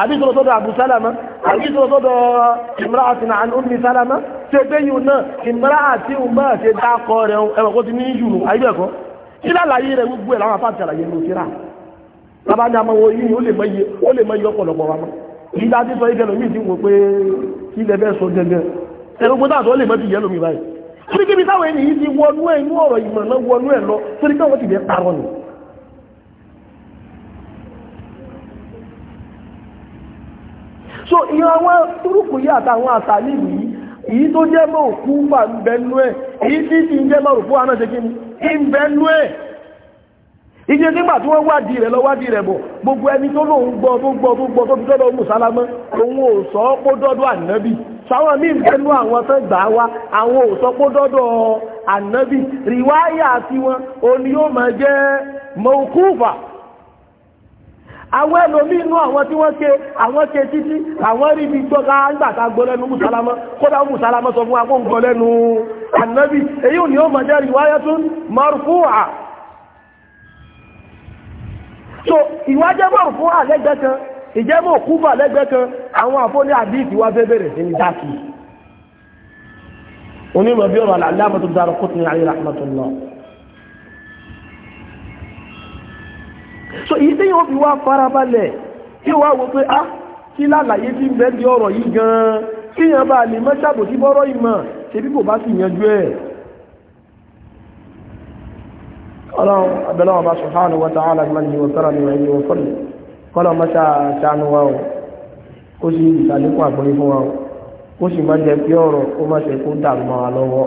àbí tó lọ́sọ́dọ̀ Abu Salama àbí tó lọ́sọ́dọ̀ imra'atin an Ummi Salama tí ó gbéyìn náà imra'a tí ó máa ṣe dákọ rẹ̀ ẹwọ̀n kó ti ní yùrù ayébẹ̀kọ́ kí lálàyé rẹ̀ gbogbo ẹ̀ láwọn afá àti àlàyé ló ti rà bàbá ní amọ̀ yìí ó lè mọ iye ọ̀pọ̀lọpọ̀ wa mọ́ kì í dá sí sọ ìfẹ́ lómi ti wò pé kí so ìyẹn àwọn túrùkù yìí àtàwọn àtàlìlì yìí èyí tó jẹ́ mọ́ òkú bà ń bẹnú ẹ̀ èyí tí ti ń jẹ́ mọ́ òkú àná ṣe kí ni ń bẹnú ẹ̀ ìjẹ́ nígbà tí gbogbo ẹni tó lóun gbọ́ tó gbọ́ tó gbọ́ tó òun ò sọ pó sáwọn míì bẹnu àwọn tó gbà wá àwọn ò àwọn ẹlòmí inú àwọn tí wọ́n ṣe àwọn ṣe títí àwọn rí bí gbọ́gá nígbàtà gbọ́lẹ́nu mùsàlámọ́ kódà mùsàlámọ́ sọ fún agbóhùn gbọ́lẹ́nu ànábì èyí ò ní ó mọ̀ jẹ́ riwayatun marfu'a so ìwájẹ́ marfu'a lẹ́gbẹ́ kan ìjẹ́mọ̀ òkúfà lẹ́gbẹ́ kan àwọn àfọ́lẹ́ àdíìtì wá fẹ́ ní dákì onímọ̀ so èyí tí yóò fi wá farabalẹ̀ yóò wá wo pé ah kí lálàyé tí ń bẹ́ẹ̀ di ọ̀rọ̀ yìí gan-an kí yàn bá lè mọ́ ṣàbòsí bọ́rọ̀ ìmọ̀ ṣe bí kò bá sì yanjú ẹ̀ ọlọ́run abẹ́lọ́wọ́ wa ta'ala alágbàmì ìwọ̀sára ni wọ́n yíwọ̀ sọ́lẹ̀ o kó sì ìsàlékún àgbọ̀nyí fún wa kó sì má jẹ́ pé ọ̀rọ̀ kó má ṣe kó dàrú mọ́ wa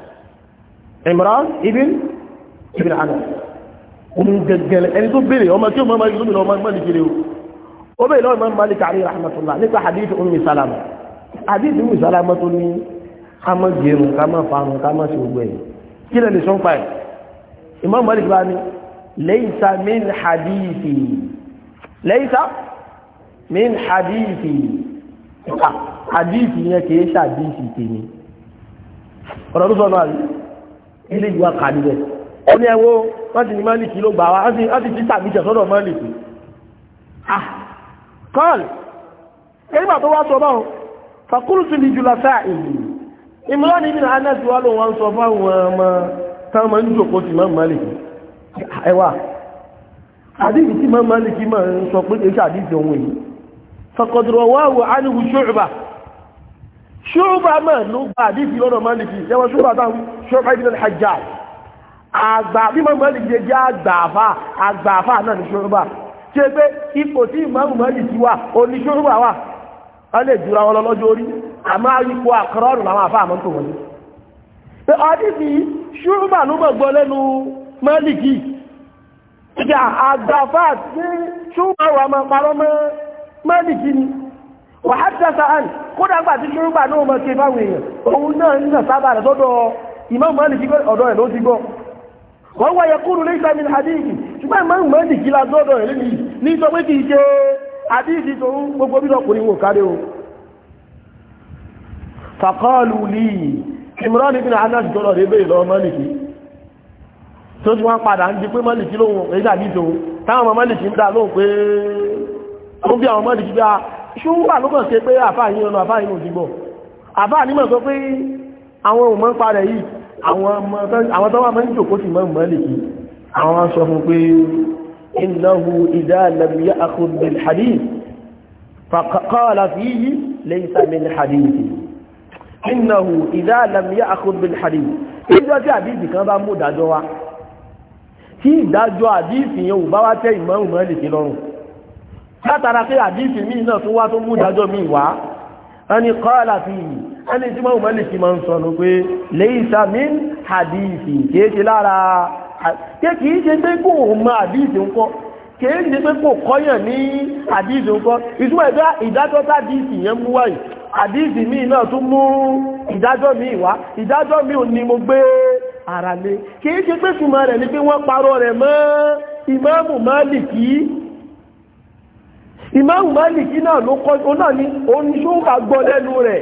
Imran ibn ibn Anas òun gẹ̀gẹ̀lẹ̀ ẹni tó béèrè ọmọ tí ó mọ́ máa gómìnà ọmọ ìmọ̀ nìkiri o ó béèrè lọ́wọ́ Imam Malik alayhi rahmatullah nípa hadith Ummi Salama hadith Ummi Salama tó ní ká má gẹrun ká má farun ká má ṣe gbogbo ẹ̀ kí lẹ́ni sọ́n pa ẹ̀ Imam Malik bá ní laysa min hadithi laysa min hadithi hadithi yẹn kì í ṣàdíìsì tèmi ọ̀rọ̀ tó sọ náà ilé ìwà kàdúgbẹ̀ ó ní ẹwọ́ wọ́n ti ló gbà wá ti ti tàbí jẹ̀ sọ́dọ̀ maliki. ah kọ́ọ̀lù nígbà tó wá sọ bá wọn fàkúrùsù ní jùlọ sáà èyí ìmúlọ́ni ní anẹ́sì wá lóun wá ń sọ fáwọn ọmọ táwọn máa ń jòkó sí mọ́ mọ́lìkì ẹwà àdìsí tí mọ́ mọ́lìkì máa ń sọ pé kìí ṣàdìsí ohun èyí fàkọ̀dùrọ̀ wá wọ ánìwù ṣùgbà ṣùgbà mọ́ ló gba àdìsí lọ́dọ̀ ṣọ́ọ̀bá ibn al àgbà bí mọ́mọ́ lè jẹ́ jẹ́ àgbààfà àgbààfà náà ní ṣọ́ọ̀bá ṣe pé ipò tí ìmọ̀mù mọ́lì ti wà òní ṣọ́ọ̀bá wà á lè jura wọn lọ́jọ́ orí àmọ́ na àkọrọ́rùn làwọn àfà àmọ́ tó wọ́n pé ṣọ́ọ̀bá ló mọ̀ gbọ́ lẹ́nu ìjà àgbààfà tí ṣọ́ọ̀bá wà Imam Malik ọ̀dọ̀ ẹ̀ ló ti gbọ́ wọ́n wáyé kúrò ní ìsàmì hadithi ṣùgbọ́n Imam Malik ládọ́dọ̀ ẹ̀ lẹ́yìn ní sọ pé kì í ṣe hadithi tó ń gbogbo bí lọkùnrin wò kárí o fàkọ́ọ̀lù lì Imran ibn Anas jọrọ̀ rẹ̀ bẹ́ẹ̀ lọ́wọ́ Malik tó ti wọ́n padà ń di pé Malik lóhun èyí tàbí tó táwọn ọmọ Malik ń dá lóhun pé ó bí àwọn Malik bí a ṣúgbà ló kàn ṣe pé àfáà yìí ọ̀nà àfáà yìí ò àwọn tọ́wà mọ́ jòkó sí mọ́ Málíkì àwọn sọ fún pé innahu idha lam ya'khudh bil hadith faqala fihi laysa min hadith innahu idha lam ya'khudh bil hadith ìjọ tí àdíjì kan bá mú ìdájọ́ wa tí ìdájọ́ ẹni kọ́ọ̀lá fi yìí ẹni tí mọ́ mọ́lì sí máa ń sọ pé laysa min hadithi kìí ṣe lára kìí ṣe pé kò mọ hadithi ńkọ́ kìí ṣe pé kò kọ́yàn ní hadithi ńkọ́ ìtumọ̀ ìdá ìdájọ́ hadithi yẹn mú wáyìí hadithi míì náà tún mú ìdájọ́ míì wá ìdájọ́ míì ò ní mo gbé ara lé kìí pé túmọ̀ rẹ̀ ni pé wọ́n parọ́ rẹ̀ mọ́ ìmáàmù ìmáàmù Málíkì náà ló kọ́ ọ náà ní oníṣòwò gbọ́ lẹ́nu rẹ̀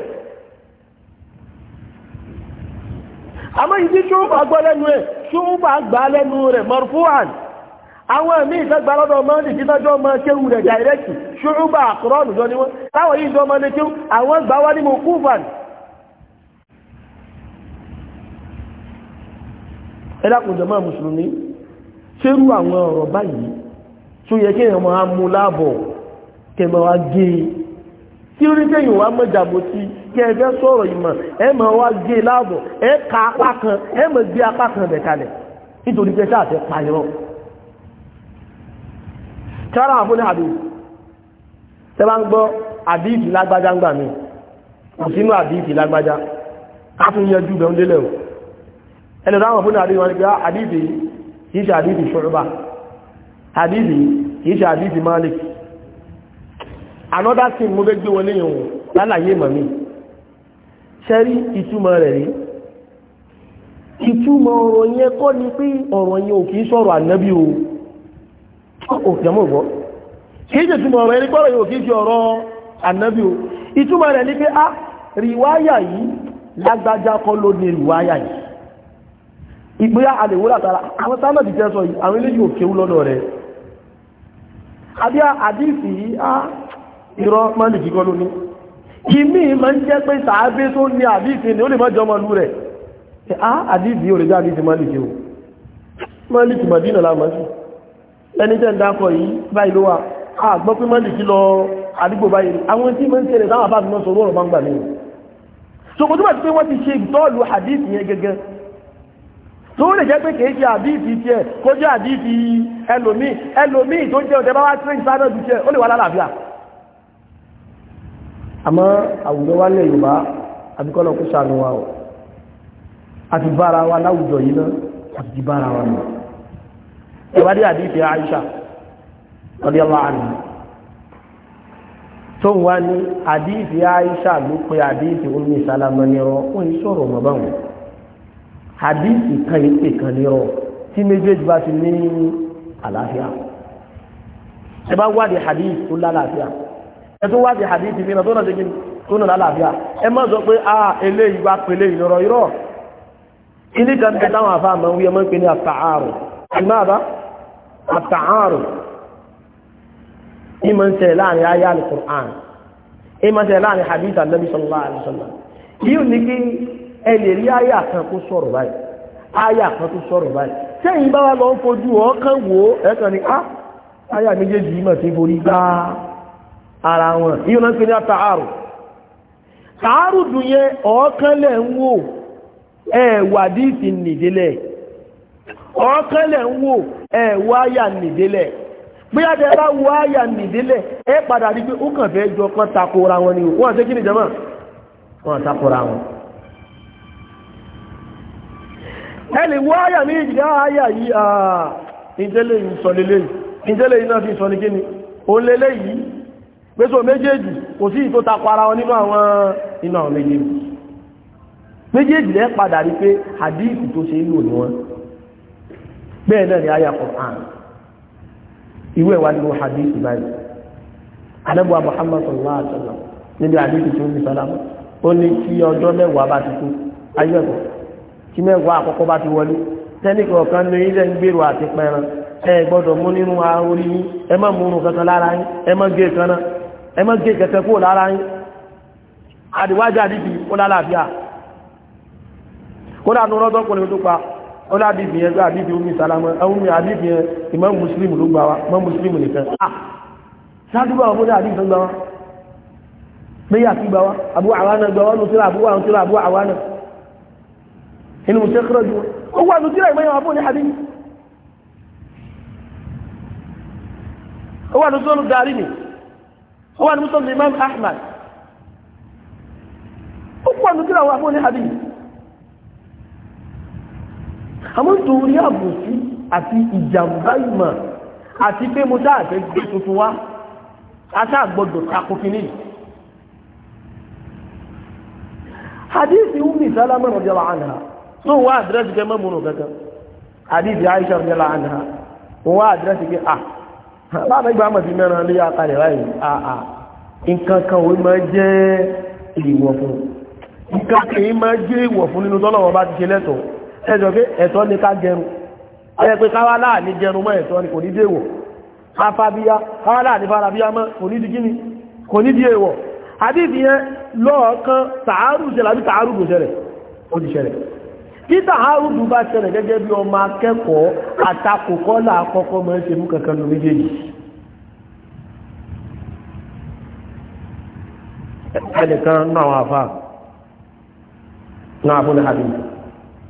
àmọ́ ìdí ṣòwò gbọ́ lẹ́nu rẹ̀ ṣòwò gbà lẹ́nu rẹ̀ marfu'an àwọn ẹ̀mí ìfẹ́gbà lọ́dọ̀ Málíkì lọ́jọ́ kéwù rẹ̀ dàírẹ́kì ṣòwò gbà àkùrọ́ọ̀nù jọ ni wọ́n táwọn yìí jọ máa lè kéwù àwọn gbà wá ní mo kúfàn ẹlákùnjọ máa mùsùlùmí ṣerú àwọn kẹmọ wa gé e tí ó rí kẹyìn wa mọ̀jàmọ́ sí kẹfẹ́ sọ̀rọ̀ ìmọ̀ ẹ mọ̀ wa gé e láàbọ̀ ẹ ka apá kan ẹ mọ̀ gbé apá kan bẹ̀ kalẹ̀ nítorí pé sáà fẹ́ payọ́ kára àfúnni àdìs tẹ́ bá ń gbọ́ àdìs lágbájá ń gbà mí kò sínú àdìs lágbájá ká tún yanjú bẹ̀ ń délẹ̀ o ẹlẹ́dọ̀ àwọn fún àdíjì wọn ni pé ah, àdíjì kìí ṣe àdíjì ṣọ́rọ̀bá àdíjì kìí ṣe àdíjì Malik another thing mo fẹ́ gbé wọlé yẹn o lálàyé mọ̀ mi ṣẹ́rí ìtumọ̀ rẹ̀ rí ìtumọ̀ ọ̀rọ̀ yẹn kọ́ ni pé ọ̀rọ̀ yẹn ò kì í sọ̀rọ̀ ànábì o ò jẹ́mọ̀ gbọ́ kì í ṣe ìtumọ̀ ọ̀rọ̀ yẹn ní pọ́rọ̀ yẹn ò kì í ṣe ọ̀rọ̀ ànábì o ìtumọ̀ rẹ̀ ni pé a ah, rìwáyà yìí lágbájá kọ́ ló ní rìwáyà yìí ìgbéyà àlèwúrà tara àwọn sáàmàdì tẹ́ sọ yìí àwọn eléyìí ò kéwú lọ́dọ̀ rẹ̀ àbí àdìsí yìí ah, irọ́ málìkì kọ́ ló ní ìmí máa ń jẹ́ pé sàábé tó ní àdífin ni ó lè má jọmọ lú rẹ̀ á àdífì ò lè jẹ́ àdífì málìkì o málìkì màdínà la máa sí ẹni tẹ́ ń dákọ̀ yìí báyìí ló wà á gbọ́ pé málìkì lọ àdúgbò báyìí àwọn tí máa ń tẹ̀lé táwọn àbáfi máa sọ̀rọ̀ ọ̀rọ̀ bá ń gbà mí ṣòkò tó bá ti pé wọ́n ti ṣe ìtọ́ọ̀lù àdífì yẹn gẹ́gẹ́ tó lè jẹ́ pé kìí ṣe àdífì tí ẹ kó jẹ́ àdífì ẹlòmíì ẹlòmíì tó jẹ́ ọ̀tẹ́ bá wá tí sáré ojú tí ó lè wà lálàáfíà àmọ́ àwùjọ wa lẹ̀ yorùbá àbíkọ́lọ̀ kó sànù wa o àti bára wa láwùjọ yìí náà àti ti bára wa náà ìwádìí àdìsí Aisha radiyallahu anha tó wá ní àdìsí Aisha ló pe àdìsí Ummi Salama nírọ́ wọ́n yìí sọ̀rọ̀ mọ́ báwọn àdìsí kan yìí pè kan nírọ́ tí méjèèjì bá ti ní àlàáfíà ẹ bá wádìí àdìsí tó lálàáfíà ẹ̀tún wá sí hadithi mìíràn tó náà ṣe kí tó náà lálàáfíà ẹ má sọ pé a ah, eléyìí wá pèlè ìrọ̀ irọ́ ilé kan tẹ táwọn àfáà máa ń wí ọmọ ìpè ní àtàárù ìmáàbá àtàárù ìmọ̀ ń tẹ̀ láàrin ayé alukur'an ìmọ̀ ń tẹ̀ láàrin hadith anabi sallallahu alayhi wa sallam yíò ní kí ẹ lè rí ayé àkan kó ara wọn yíò náà ń pè ní àtàárù tàárù dùn yẹn ń wò ẹ̀wà díìsì nìdílẹ̀ ọ̀ọ́kánlẹ̀ ń wò ẹ̀wà àyà nìdílẹ̀ bí a dẹ̀ bá wo àyà nìdílẹ̀ ẹ padà rí pé ó kàn fẹ́ jọ kan takora wọn ni wọ́n ṣe kí ni jẹ́mọ́ wọ́n takora wọn ẹni ní ìjìdá yìí yìí sọ lélẹ́yìí pèsò méjèèjì kò sí ìtò takọ ara wọn nínú àwọn nínú àwọn méjèèjì méjèèjì lẹ́ padà rí pé hadith tó ṣe lò ní wọn bẹ́ẹ̀ náà ni àyà Qur'an ìwé wa nínú hadith báyìí anábùwà Muhammad sallallahu alaihi wa sallam níbi hadith tó ń fi sálámù ó ní kí ọjọ́ mẹ́wàá bá ti kú ayé ẹ̀kọ́ kí mẹ́wàá àkọ́kọ̀ bá ti wọlé tẹ́nìkì ọ̀kan ní ilẹ̀ ń ẹ gbọ́dọ̀ mú nínú orí yín ẹ kankan lára yín ẹ má ẹ mọ́ gé kẹsẹ̀ kó lára yín àdìwájà dìbì ó lálàáfíà kódà ní ọlọ́dọ́ kò lè tó pa ó lábìbì yẹn tó àbíbì omi ìsàlámọ́ ẹ̀hún mi àbíbì yẹn ìmọ̀ mùsùlùmí ló gbà wá mọ́ mùsùlùmí nìkan ṣáàdúgbà wọn bóyá àbíbì tó gbà wá bẹ́yà sí gbà wá àbúrò àwa náà gbà wá ló sílẹ̀ àbúrò àwọn sílẹ̀ àbúrò àwa náà inú mùsùlùmí kúrò jù ó ó wà ó wà ní mùsùlùmí imam ahmad ó pọ̀ ní kíra wà fún ní hadith àmọ́ nítorí àbòsí àti ìjàmbá ìmọ̀ àti pé mo dáa fẹ́ gbé tuntun wá aṣáà gbọdọ̀ takò kìíní hadithi ummi salama radiyallahu anha tó wá àdírẹ́sì kẹ́ mọ́mùnú kankan hadithi aisha radiyallahu anha wọ́n wá àdírẹ́sì ah láàrín ìgbà mọ̀ sí mẹ́ran lé àkàlẹ̀ báyìí àà nǹkan kan ò máa jẹ́ ìwọ̀ fún nǹkan kan ì máa jẹ́ ìwọ̀ fún nínú tọ́lọ̀wọ̀ bá ti ṣe lẹ́tọ̀ ẹjọ́ pé ẹ̀tọ́ ni ká jẹun ayẹ pé káwá láàní jẹun mọ́ ẹ̀tọ́ ni kò ní déwọ̀ afábíyá káwá láàní farabíyá mọ́ kò ní títà àrùdù bá ṣẹlẹ̀ gẹ́gẹ́ bí ọmọ akẹ́kọ̀ọ́ àtakò kọ́là àkọ́kọ́ mọ́ ṣe mú kankan lórí méjèèjì ẹnìkan náà àwọn àfà náà fún àbí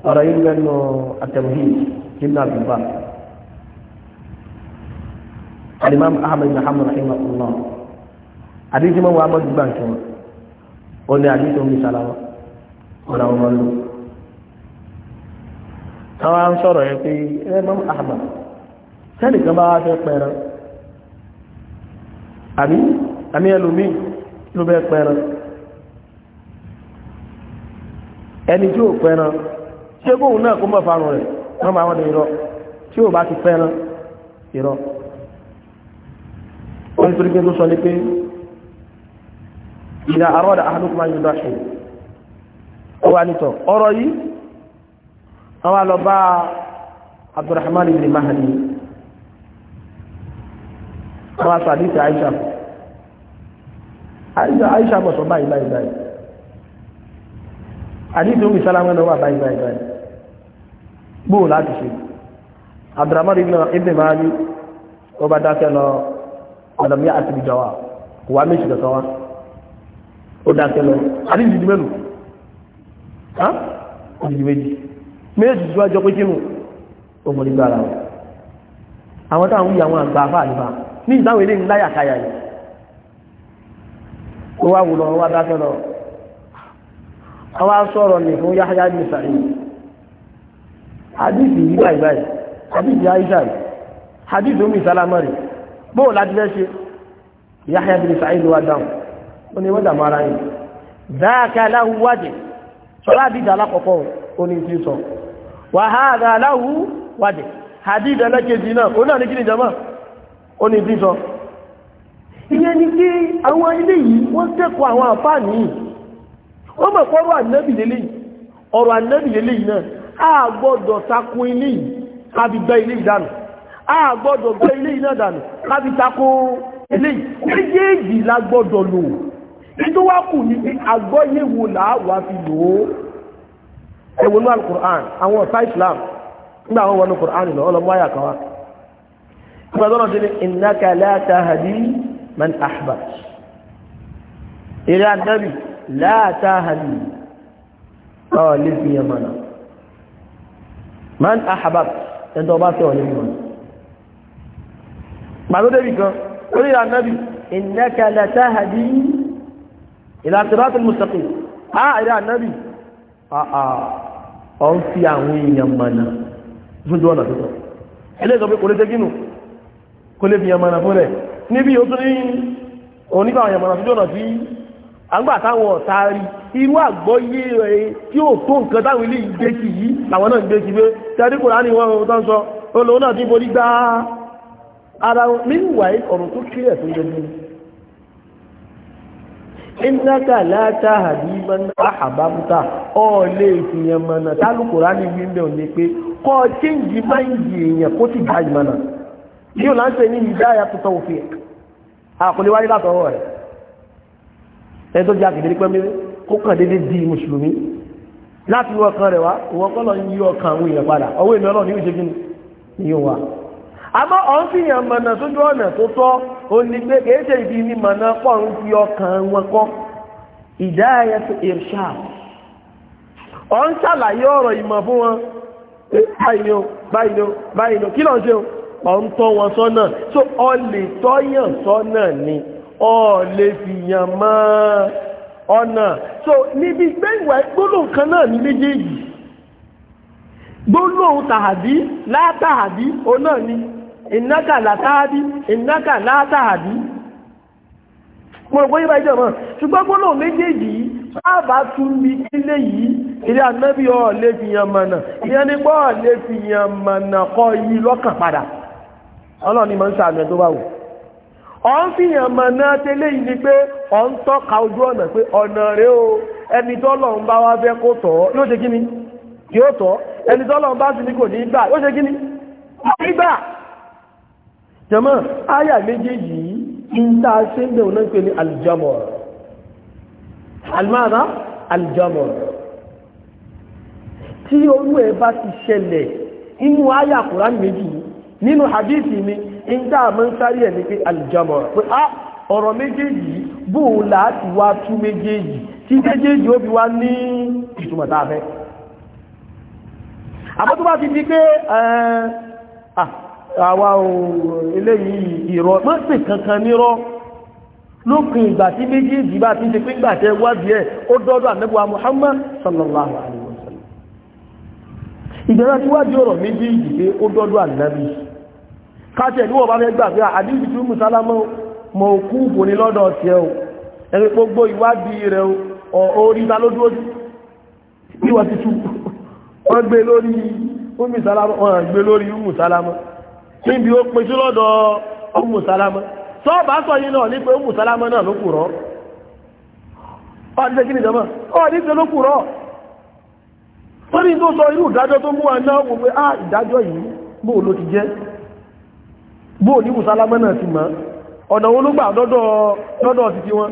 ọ̀rọ̀ yìí lẹ́nu àtẹ̀wòhì jimna àbúbá alimam ahmed muhammad rahimahullah àdéhùn mọ́ wa mọ́ gbígbà nǹkan wọn ó ní àdéhùn mi sàlámà ọ̀rọ̀ àwọn ọmọ lọ́wọ́ àwọn à ń pé ẹ mọ́ àmà sẹ́nìkan bá fẹ́ pẹ̀rẹ̀ àbí àmì ẹlòmí ló bẹ́ pẹ̀rẹ̀ ẹni tí ó pẹ̀rẹ̀ ṣé bóun náà kó mọ̀ fárun rẹ̀ wọ́n máa wọ́n tí ó bá ti pẹ̀rẹ̀ irọ́ wọ́n nítorí pé tó sọ ní pé àrọ́dà máa ó wà àwọn alọ́bá abdurrahman ibn mahdi àwọn asàdíkì aisha aisha mọ̀sọ̀ báyìí báyìí báyìí àdíkì omi sálámọ́ náà wà báyìí báyìí báyìí gbóò láti ṣe abdurrahman ibn mahdi ó bá dákẹ́ lọ ọ̀dọ̀mí àti ìjọwà kò wá méjì kẹsàn wá ó dákẹ́ lọ àdíkì ìdí mélòó e tó wájọ pé kínú ogun nígbà ara wọn àwọn táwọn wúyà àwọn àgbà àfáà nípa ní ìdáwọn ilé ńlá yàkáyà yìí ó wá wùlọ wá dákẹ́ lọ àwọn asọ̀rọ̀ ní fún Yahya ní sàrí hadithi yìí báyìí báyìí hadithi Aisha omi rẹ̀ bóò sọlá alákọ̀ọ́kọ́ ó ní ti sọ wa hadha lahu wajh hadith náà o náà ní ni jama ó ní bí sọ ìyẹn ni pé àwọn ilé yìí wọ́n kẹ́kọ̀ọ́ àwọn àfáàní náà a gbọ́dọ̀ takun ilé yìí kábi ilé yìí a gbọ́dọ̀ gbẹ́ ilé yìí náà dànù kábi takun ilé yìí la gbọ́dọ̀ lò nítorí wá kù ní làá wà fi ẹ̀wọ̀n ní alukur'an àwọn ọsa islam nígbà àwọn wọnú kur'an ni ọlọmọ ayà kan wa nígbà tó lọ́dún ní innaka la tahdi man ahbab eré anábì la tahdi ọ̀ lè fi yẹn mọ̀nà man ahbab ẹ̀dọ́ bá fẹ́ ọ̀lẹ́ mọ̀nà gbàdúrà débi kan ó ní anábì innaka la ìlànà ila siratil mustaqim ah eré anábì ah ah ọ ń fi àwọn èèyàn mọ̀nà fún ọ̀nà tó tọ́ ẹlẹ́sọ̀ pé kò lè tẹ́gínù kò lè fi yàmọ̀nà fún rẹ̀ níbi ó tún ní onígbà àwọn mana fún ọ̀nà tí àgbà táwọn ọ̀tá rí irú àgbọ́yé rẹ̀ tí ó tó nǹkan táwọn ilé ìgbé kì yí làwọn náà gbé kì pé wọn tó ń sọ náà ti borí gbá ara mi wà ìnáka láta àbíbá mana ọ̀ọ́lẹ̀ ìfìyàn mọ̀nà tálùkùrá ní gbígbẹ̀ òní pé kọ́ chíǹjì máìjì èèyàn ko ti gbáyì mọ̀nà yóò ko ní ìdáyà tuntun òfin àkùnlé wáyé látọwọ́ rẹ̀ ẹni tó jẹ́ àkìdé pẹ́ mẹ́rin kó kàn dédé di mùsùlùmí láti wọ́n kan rẹ̀ wá ìwọ́kọ́ lọ yí ọkàn àwọn èèyàn padà ọwọ́ ìmọ̀ ọlọ́run ni yóò àmọ́ ọ̀n fi hàn mọ̀nà sójú ọ̀nà tó tọ́ òní pé kìí ṣe ìdí ni mọ̀nà pọ̀ ń fi ọkàn wọn kọ́ ìdáyà ìrṣà ọ̀n ṣàlàyé ọ̀rọ̀ ìmọ̀ fún wọn báyìí o báyìí kí lọ ṣe o ọ̀n tọ́ wọn sọ́nà ọ lè tọ́yàn sọ́nà ni ọ lè fi mọ́ ọ̀nà níbi gbẹ̀wẹ̀ gbólóhùn kan náà ní ọ náà ni ìnáka látàádí ìnáka látàádí mo gbé ibà ìjọba ṣùgbọ́n gbọ́nà méjèèjì yìí tún bí ilé yìí ilé yi, ọ̀lẹ́ fi yan mọ̀nà ìyẹn ọ̀lẹ́ fi yan mọ̀nà kọ́ yí lọ́kàn padà ọlọ́ni máa ń sàmì tó bá wù ọ ń fi yan mọ̀nà tẹ́lẹ̀ yìí ni pé ọ ń tọ́ka ojú ọ̀nà pé ọ̀nà rẹ o ẹni tọ́lọ̀ ń bá wá fẹ́ kó tọ̀ yóò ṣe kí ni yóò tọ̀ ẹni tọ́lọ̀ ń bá sì ní kò ní gbà yóò ṣe kí ni jama aya méjèèjì ń tá a ṣe ń bẹ̀rù náà pé ní aljamor almada aljamor tí olú ẹ bá ti ṣẹlẹ̀ inú aya Kùránì méjì nínú hadithi mi ń tá ń sáré ẹ̀ ní pé aljamor pé a ah, ọ̀rọ̀ méjèèjì bóò láti wá tú méjèèjì tí méjèèjì ó fi wá ní ìtumọ̀ tá a fẹ́ àbọ́túbá ti di pé ẹ̀ẹ́ eh, ah, àwa eléyìí ìrọ̀ má pè kankan nírọ́ lókun ìgbà tí méjèèjì bá ti ṣe pé ìgbà tẹ wádìí ẹ̀ ó dọ́dọ̀ àmẹ́bùwà Muhammad sallallahu alaihi wasallam ìgbẹ́ra tí wádìí ọ̀rọ̀ méjèèjì pé ó dọ́dọ̀ ànábì káṣẹ̀ ní wọ́n bá fẹ́ gbà pé àdíjì tí mùsálámọ́ mọ̀ òkú bò ní lọ́dọ̀ ti ẹ̀ ẹ̀rí gbogbo ìwádìí rẹ̀ orí ta ló dúró sí ìwà titun wọ́n gbé lórí níbi ó pèsè lọ́dọ̀ Ummu Salama sọ́ọ̀bà sọ yìí náà ní pé Salama náà ló kùrọ̀ ọdún ló tó ní tó sọ irú ìdájọ́ tó mú àná á ah, ìdájọ́ yìí bó ló ti jẹ́ bó ní náà ti mọ́ ọ̀nà wọn ló gbà lọ́dọ̀ títí wọn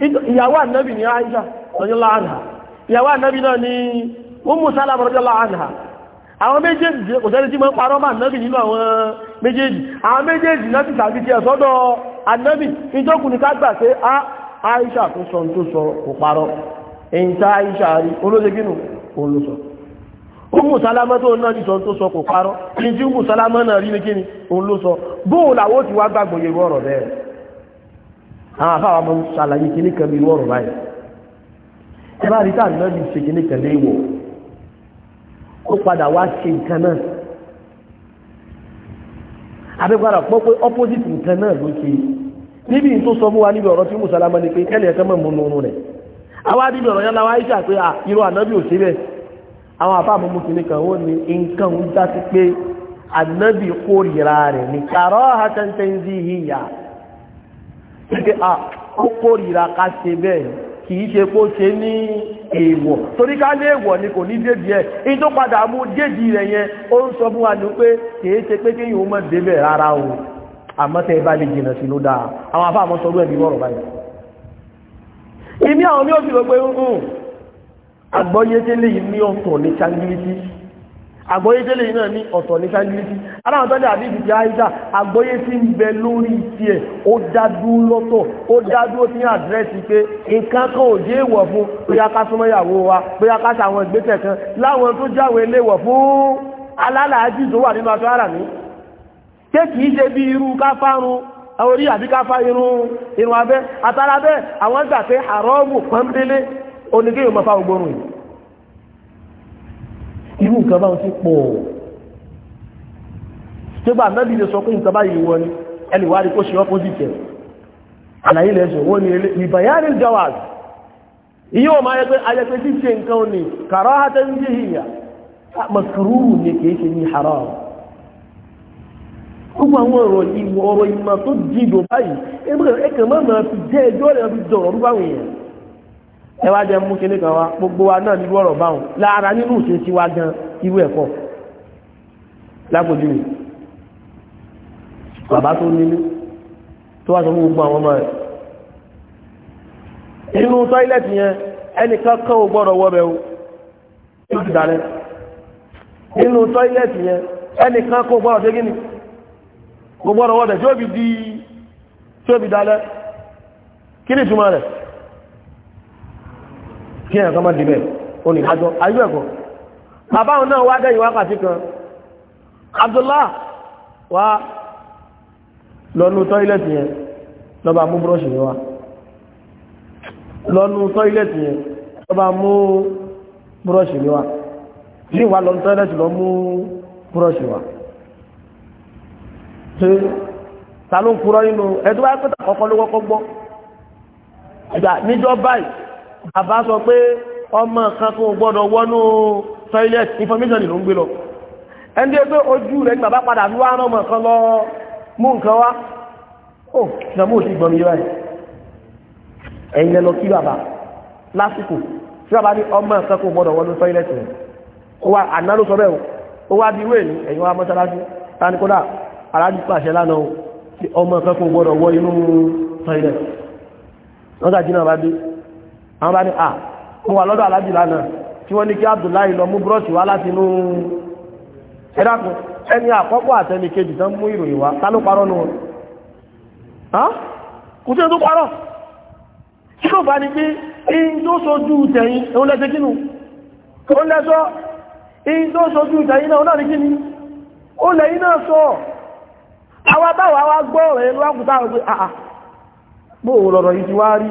ìyàwó ànábì ní Aisha radiyallahu anha ìyàwó ànábì náà ní Ummu Salama radiyallahu anha àwọn méjèèjì kò sẹ́ni tí mọ́ parọ́ máa nábì nínú àwọn méjèèjì àwọn méjèèjì náà ti sàbí ti ẹ̀sọ́dọ̀ ànábì ìjọkù ní ká gbà pé a Aisha tó sọ tó sọ kò parọ́ èyí tá Aisha rí olóṣègínú olóṣọ Ummu Salama tó náà ti sọ tó sọ kò parọ́ ní tí Ummu Salama náà rí ní kíni olóṣọ bóòlà ó ti wá gbàgbòye ọ̀rọ̀ bẹ́ẹ̀ àwọn afáwà mọ́ ṣàlàyé kìíní kan bí wọ́n rọ̀ báyìí ẹ bá rí táàrí lọ́dún ṣe kìíní kan léèwọ̀ ó padà wá ṣe nǹkan náà àbẹ́gbára pọ́ pé opposite nǹkan náà ló ṣe níbi tó sọ fún wa níbi ọ̀rọ̀ tí mùsàlámà ni pé kẹ́lẹ̀ ẹ̀kan mọ̀ múnú rẹ̀ àwa níbi ọ̀rọ̀ yẹn láwa iṣẹ́ àpé irú ànábì ò ṣe bẹ́ẹ̀ àwọn àfáà mú kìíní kan ó ní nǹkan ń já sí pé ànábì kórìíra rẹ̀ ní kàrọ́ àtẹ̀ntẹ̀ ń zí ìyá pé a ó kórìíra ká ṣe bẹ́ẹ̀ kìí ṣe kó ṣe ní èèwọ̀ torí ká lé èèwọ̀ ni kò ní débi ẹ̀ in tó padà mú débi rẹ̀ yẹn ó ń sọ fún wa ní pé kìí ṣe pé kéyìn ó mọ̀ débẹ̀ rárá o àmọ́ tẹ́ bá lè jìnà sí ló dáa àwọn afá àmọ́ sọgbọ́n ẹ̀bí wọ́rọ̀ báyìí ìní àwọn ní òsì lọ pé àgbọ́yé tí lè ní ọ̀tọ̀ ní ṣáńgílítì àgbóyé tẹ́lẹ̀ iná ní ọ̀tọ̀ ní sáńgílítì aláwọn tọ́jú àdíjì ti àìsà àgbóyé tí ń bẹ lórí ti ẹ̀ ó dádú lọ́tọ̀ ó dádú ó ti ní àdírẹ́sì pé nǹkan kan ò jẹ́ èèwọ̀ fún bóyá ìyàwó wa bóyá ká sàwọn ìgbésẹ̀ kan láwọn tó jáwé léwọ̀ fún alálàájì tó wà nínú aṣọ ara irú nǹkan báwọn ti pọ̀ tígbà mẹ́bí lè sọ pé nǹkan báyìí wọ ni ẹlùwárí kó ṣe opposite àlàyé lẹ́sọ̀ wọ́n ni ìbàyárí jawaz yíò máa yẹ pé ayẹpẹ́ tí ṣe nǹkan ni kàráhátẹ́ ń jẹ́ ya ẹ wá jẹ mú kíní kan wá gbogbo wa náà nírú ọ̀rọ̀ báwọn lára nínú ìṣe sí wa gan irú ẹ̀kọ́ lápòjúwe bàbá tó nílé tó wá sọ fún gbogbo àwọn ọmọ rẹ̀ inú tọ́ílẹ̀tì yẹn ẹnìkan kan ò gbọ́dọ̀ wọ́bẹ̀ o tó ti dàrẹ́ inú tọ́ílẹ̀tì yẹn ẹnìkan kò gbọ́dọ̀ dégí ni kò gbọ́dọ̀ wọ́bẹ̀ tí ó fi di tí ó fi dàrẹ́ kí ni ìtumọ̀ rẹ̀ kí ẹ̀yàn kan má débẹ̀ onídájọ́ ayé ẹ̀kọ́ bàbá òun náà wá dẹ́yìn wákàtí kan Abdullah wá lọ́nu tọ́ílẹ̀tì yẹn lọ́ba mú búrọ́ṣì yẹn wá lọ́nu tọ́ílẹ̀tì yẹn lọ́ba mú búrọ́ṣì yẹn wá ní ìwà lọ́nu tọ́ílẹ̀tì lọ́ mú búrọ́ṣì wá ṣe ta ló ń kúrọ́ nínú ẹ̀dúrà pẹ́tà kọ́kọ́ ló gbọ́ níjọ́ báyìí àbá sọ pé ọmọ kan tó gbọ́dọ̀ wọnú toilet information ló ń gbé lọ ẹni pé ojú rẹ̀ bàbá padà ní wọ́n ọmọ kan lọ mú nǹkan wá ó ìjọmọ́ òsì gbọ́n yíra ẹ̀ ẹ̀yìn lọ kí bàbá lásìkò tí bàbá ní ọmọ kan tó gbọ́dọ̀ wọnú toilet rẹ̀ ó wá àná ló sọ bẹ́ẹ̀ ó wá di wéèlú ẹ̀yìn wá mọ́sálásí tani kódà aláàjì pàṣẹ lánàá ọmọ kan tó gbọ́dọ̀ wọ inú toilet wọ́n àwọn bá ní à ah, mo wà lọ́dọ̀ alájì lánàá tí wọ́n ní kí Abdullahi lọ mú búrọ́ọ̀ṣì wá láti inú ẹ dákun ẹni àkọ́kọ́ àtẹni kejì tán mú ìròyìn wá ta ló parọ́ nù wọn kò sí ẹni tó parọ́ tí ó bá ní pé in tó sojú tẹ̀yìn òun lẹ́sẹ̀ kínú òun lẹ́sọ́ in tó sojú tẹ̀yìn náà náà ní kí ó lẹ́yìn náà sọ àwa báwa wá gbọ́ ọ̀rẹ́ lọ́kùtà rẹ̀ pé àà bóò lọ̀rọ̀ yìí ti wá rí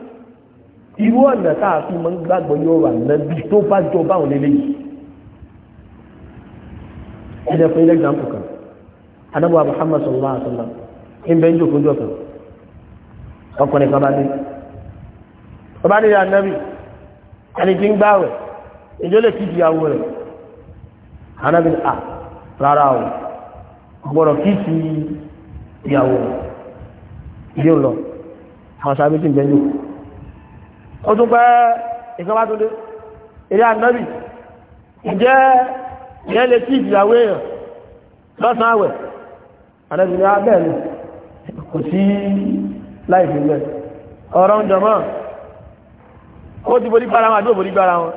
irú ọ̀nà tá a fi máa ń gbàgbọ́ yóò wà nábì tó bá jọ báwọn lélẹ́yìí ẹ̀dẹ̀ fún ilé ìgbàmpù kan anábọ̀ Muhammad sallallahu alaihi wasallam ń bẹ́ ń jòkó jọ kan ọkùnrin kan bá dé ọba ní ìyá nábì ẹni tí ń gbààwẹ̀ ìjọ lè kí ìyàwó rẹ̀ anábì à rárá o gbọ́dọ̀ kí ti ìyàwó rẹ̀ ìdí lọ àwọn sábẹ́ tí ń bẹ́ ń jòkó ó tún pẹ́ nǹkan bá tún ànábì ǹjẹ́ ìyẹn lè tí ìyàwó èèyàn lọ́sàn àwẹ̀ ànábì ah, kò sí fi ọ̀rọ̀ ń jọmọ́ ó ti borí wọn àti wọn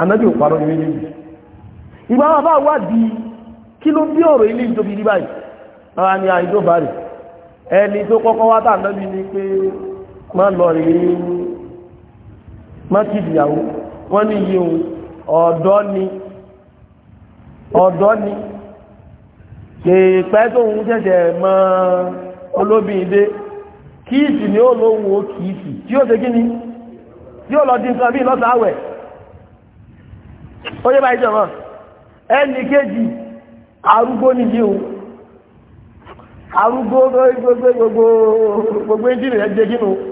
ànábì ò parọ́ ìgbà wọn bá wà di kí ló bí ọ̀rọ̀ ilé ní báyìí àwọn àìjọba rẹ̀ ma lọ rí mákìdìyàwó wọ́n ní iye ọ̀dọ́ ni ọ̀dọ́ ni kèèpẹ́ tó ń mọ́ olóbìnrin dé kíìsì ni ó lóhun ó kìíṣì tí ó ṣe kí ni tí ó lọ di nǹkan bíi lọ́sàáwẹ̀ ó yé báyìí arúgbó o arúgbó gbogbo gbogbo gbogbo ẹnjìnì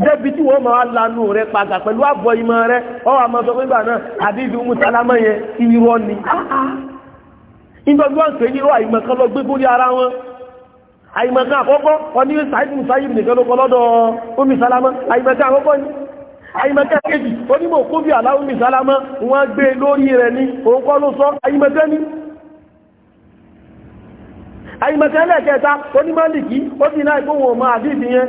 débi tí wọ́n máa lanu rẹ pàgà pẹ̀lú àbọ̀ ìmọ̀ rẹ ọwọ́ àmọ́ sọ pé gbà náà àdídì umu salama yẹn irọ́ ni nígbà tí wọ́n ń pè ní irọ́ àìmọ̀ kan lọ gbé bórí ara wọn àìmọ̀ kan àkọ́kọ́ ọní sàìdì musayib nìkan ló kọ́ lọ́dọ̀ omi salama àìmọ̀ kan àkọ́kọ́ ni àyìnbá tẹ́ kejì onímọ̀ kóbi aláwọ̀ mi sálámà wọ́n gbé e lórí rẹ̀ ní òun kọ́ ló sọ àyìnbá tẹ́ ní àyìnbá tẹ́ lẹ́ẹ̀kẹta onímọ̀ lìkí ó ti náà ìgbóhùn ọmọ àdíjì yẹn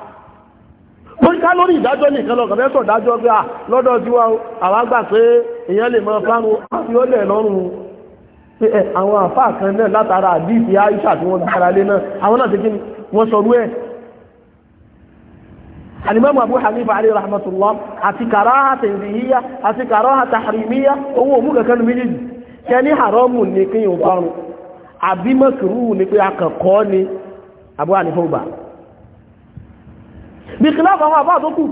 ká lórí ìdájọ́ nìkan lọ kàfẹ́ sọ dájọ́ pé lọ́dọ̀ tí wá àwa gbà pé èèyàn a mọ fáwọn àfiọ́lẹ̀ lọ́rùn pé ẹ àwọn àfáà kan náà látara àdìsí Aisha tí wọ́n gbára lé náà àwọn náà ti kí wọ́n sọ rú ẹ̀ alimamu abu hanifa alayhi rahmatullah àti karaha tẹ̀síhíyá àti karaha tàhàrímíyá owó òmù kankan méjèèjì kẹ́ ní haramu ní ní pé akẹ́kọ̀ọ́ ni abu hanifa bí kìláàfù àwọn àbá àtókù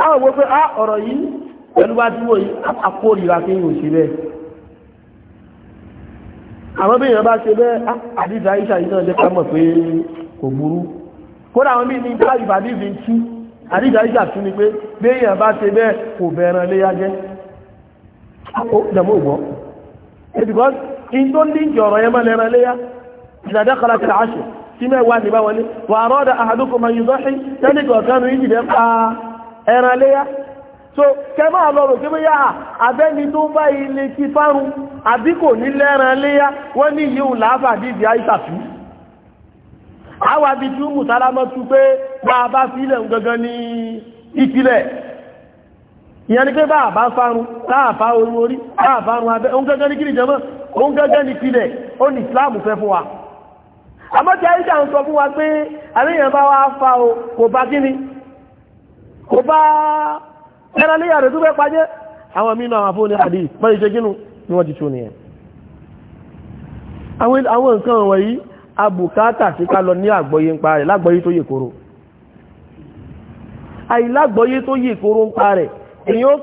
láwọn wo pé ah, ọ̀rọ̀ yìí pẹ̀lú bá dúró yìí àkórìíra kí yìí ò ṣe bẹ́ẹ̀ àwọn bí èèyàn bá ṣe bẹ́ẹ̀ ah, àdìsá iṣà yìí náà jẹ́ ká mọ̀ pé kò burú kódà àwọn míì ní táyì bá dìbì ń tú àdìsá iṣà tún ni pé bí èèyàn tí mẹ́wàá ní bá wọlé wà rọ́dà àhàdókòmọ̀ yìí tẹ́lẹ̀kọ̀ọ́kanu yìí jìdẹ́ pa ẹran léyá so kẹmọ́ àlọ́rọ̀ kí bóyá abẹ́ni tó bá ilé ti fárún àbí kò ní lẹ́ran léyá wọ́n ní yíò láàfà dìdì àìsàfí àwọn àbí tí ó mú sálámọ́ tú pé bá a àmọ́ tí àìsà ń sọ fún wa pé àríyàn bá wá fa o kò bá kíni kò bá ẹran léyà rẹ̀ tó pàjẹ́ àwọn mínú àwọn afọ́ ní àdí mọ́rin ṣe gínú ni wọ́n ti tún nìyẹn àwọn nǹkan wọ̀nyí abùkátà sí ká lọ ní àgbọ́yé ń pa rẹ̀ lágbọ́yé tó yè kóró àìlágbọ́yé tó yè kóró ń pa rẹ̀ èyí ó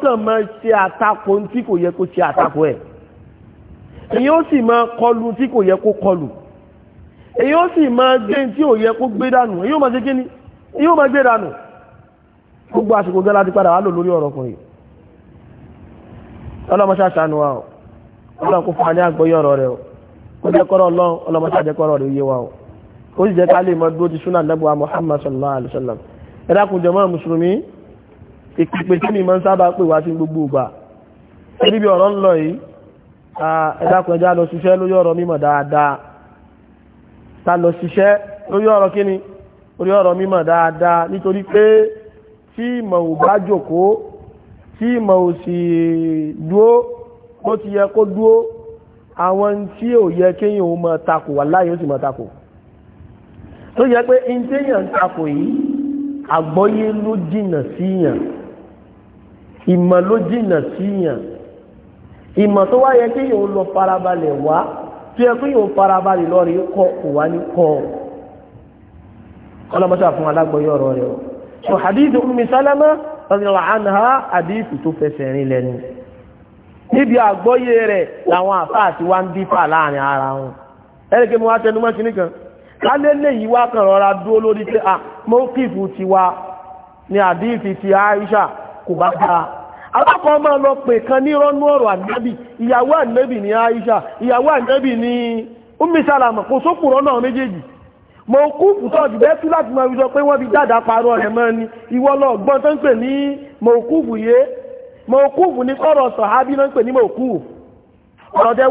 kàn sì máa kọlu tí kò yẹ kó kọlu èyí ó sì máa gbé tí ò yẹ kó gbé dànù èyí ó máa ṣe kíni èyí ó máa gbé dànù gbogbo àsìkò gẹ́lá ti padà wà lò lórí ọ̀rọ̀ ọkùnrin o ọlọ́run kò fún wa ọ̀rọ̀ rẹ o kó jẹ́ kọ́rọ̀ ọlọ́run ọlọ́mọṣà jẹ́ oye wa o ó sì jẹ́ ká lè mọ dúró ti súnà lẹ́bùwà Muhammad sallallahu alayhi wa sallam ká lọ ṣiṣẹ́ lórí ọ̀rọ̀ kíni lórí ọ̀rọ̀ mímọ̀ dáadáa nítorí pé tí ìmọ̀ ò bá jókòó tí ìmọ̀ ò sì dúó bó ti yẹ kó dúó àwọn tí ò yẹ kéèyàn ò mọ̀ takò wà láyé ó sì mọ̀ takò tó yẹ pé ìjẹyàn takò yìí àgbọ́yé ló jìnà síyàn ìmọ̀ ló jìnà síyàn ìmọ̀ tó wá kéèyàn ò lọ farabalẹ̀ wá tí ẹ fún yóò fara balẹ̀ lọ́rí kọ kò wá ní kọ́ ọlọ́mọṣà fún alágbọ̀yọ̀ ọ̀rọ̀ rẹ̀ o hadith umi Salama radiyallahu anha hadith tó fẹsẹ̀ rìn lẹ́nu níbi àgbọ́yé rẹ̀ làwọn wá ń láàrin ara wọn ẹ̀rẹ́kẹ́ mú wá tẹnu mọ́ kìíní kan lálẹ́lẹ́ yìí wá kàn rọra dúró lórí pé ah, mọ́kìfù ti kò alákọ̀ọ́ máa lọ pè kan ní rọ́nú ọ̀rọ̀ ànábì ìyàwó ànábì ní Aisha ìyàwó ànábì ní Ummi Salama kò sókùrọ̀ náà méjèèjì mo kú fùtọ́ jù bẹ́ẹ̀ tú láti máa wíjọ pé wọ́n fi jáde parọ́ rẹ̀ mọ́ ni lọ gbọ́n tó ń pè ní yé ní kọ́rọ̀ sọ̀hábí ń pè ní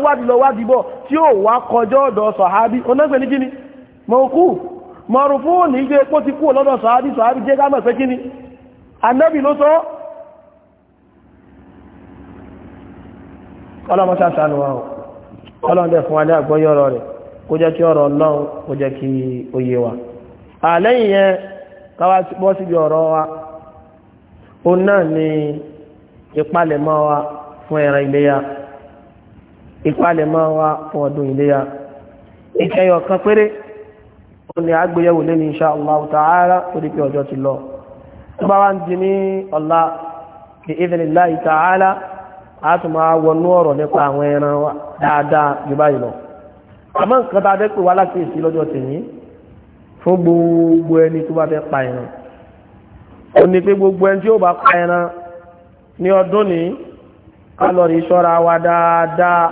wádìí lọ wádìí bọ̀ tí ó wá kọjọ́ ọ̀dọ̀ sọ̀hábí ní ọlọ́mọṣà sànù wa o ọlọ́run dẹ̀ fún wa ní àgbọ́yé rẹ̀ kó jẹ́ kí ọ̀rọ̀ ọlọ́run kó jẹ́ kí ó wa àlẹ́yìn yẹn káwá bọ́ síbi ọ̀rọ̀ wa o náà ni ìpalẹ̀mọ́ wa fún ẹran iléyà ìpalẹ̀mọ́ wa fún ọdún iléyà ìkẹyọ̀ kan péré òun ni àgbéyẹ̀wò lẹ́nu ọjọ́ ti lọ tó bá wá ń di a tún máa wọnú ọ̀rọ̀ nípa àwọn ẹran dáadáa ju báyìí lọ àmọ́ nǹkan tá a dẹ́pẹ̀ wá láti èsì lọ́jọ́ tèmi fún gbogbo ẹni tó bá fẹ́ pa ẹran ó ní pé gbogbo ẹni tí ó bá pa ẹran ní ọdún ní ká lọ wa dáadáa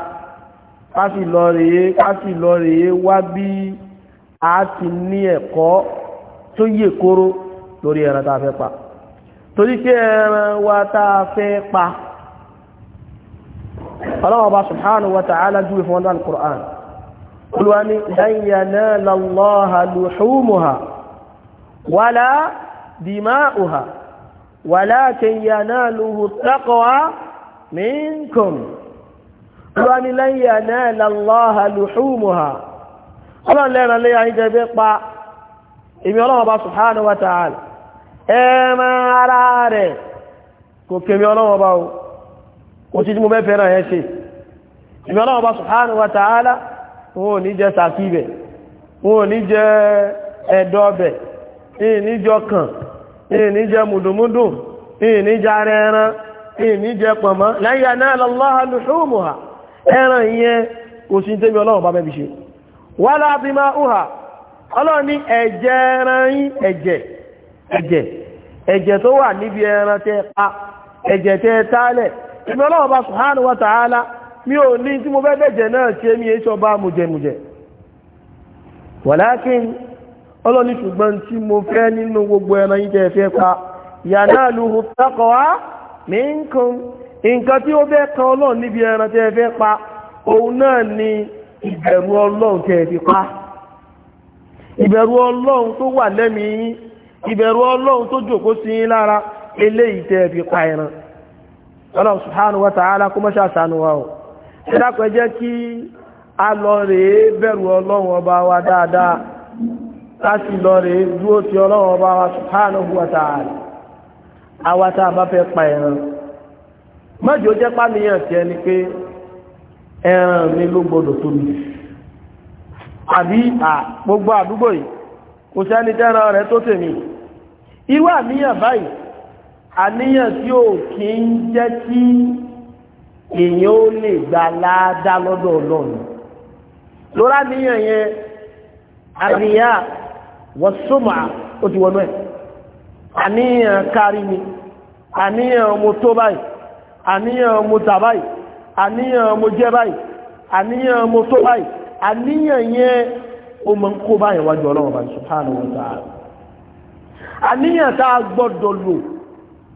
ká sì lọ rèé ká sì lọ rèé wá bí a ti ní ẹ̀kọ́ tó yè kóró lórí ẹran tá a fẹ́ pa torí pé ẹran wa tá a fẹ́ pa ọlọ́wọ́ bá subhanahu wa ta'ala júwe fún wọn al-Qur'an olúwa ní lan yanala Allaha luhumuha wala dima'uha walakin yanaluhu taqwa minkum olúwa ní lan yanala Allaha luhumuha ọlọ́run lẹ́ran lé ayé jẹ́ kò kèmí ọlọ́wọ́ bá oṣù tí mo fẹ́ fẹ́ràn yẹn ṣe ìmọ̀ ọba subhanahu wa ta'ala wọn ò ní jẹ́ sàkíbẹ̀ wọn ò ní jẹ́ ẹ̀dọ́bẹ̀ ìní jọ kàn ìní jẹ́ mùdùmúdù ìní jẹ́ ara pọ̀mọ́ ẹran ìyẹn tẹ́mi ọlọ́run bá ṣe wala ẹ̀jẹ̀ ẹran yín ẹ̀jẹ̀ ẹ̀jẹ̀ ẹ̀jẹ̀ tó wà níbi ẹran tẹ́ pa ẹ̀jẹ̀ tẹ́ tálẹ̀ èmi ọlọ́run bá subhanahu wa ta'ala mi ò ní tí mo fẹ́ bẹ̀jẹ̀ náà ṣe mi èso bá mujẹmujẹ wàlákìn ọlọ́ni ṣùgbọ́n mo fẹ́ nínú gbogbo ẹran yìí fẹ́ pa yanaluhu taqwa minkum nǹkan tí ó fẹ́ kan ọlọ́run níbi ẹran tẹ́ fẹ́ pa òun náà ni ìbẹ̀rù ọlọ́run fi pa ìbẹ̀rù ọlọ́run tó wà lẹ́mìí ìbẹ̀rù ọlọ́run tó jòkó sí lára ọlọ́run subhanahu wa ta'ala kó mọ́ṣà sànú wa o ṣe jẹ́ kí a lọ rèé bẹ̀rù ọlọ́run ọba wa dáadáa láti lọ rèé dúó ti ọlọ́run ọba wa subhanahu wa ta'ala bá fẹ́ pa ẹran mọ́jọ́ jẹ́ pàmìyàn tiẹ̀ ni pé mi ló gbọdọ̀ àbí gbogbo àdúgbò yìí kò sẹ́ni rẹ̀ tó tèmi irú báyìí àníyàn tí ò kí ń jẹ́ kí èèyàn ó lè gbà láàdá lọ́dọ̀ ọlọ́run lóra níyàn yẹn àríyá wọ́sọ́mà ó ti wọnú ẹ̀ àníyàn kárí mi àníyàn mo tó báyìí àníyàn mo tà báyìí àníyàn mo jẹ́ báyìí àníyàn mo tó báyìí àníyàn yẹn ó mọ kó báyìí wájú ọlọ́run subhanahu wa ta'ala àníyàn tá a gbọ́dọ̀ lò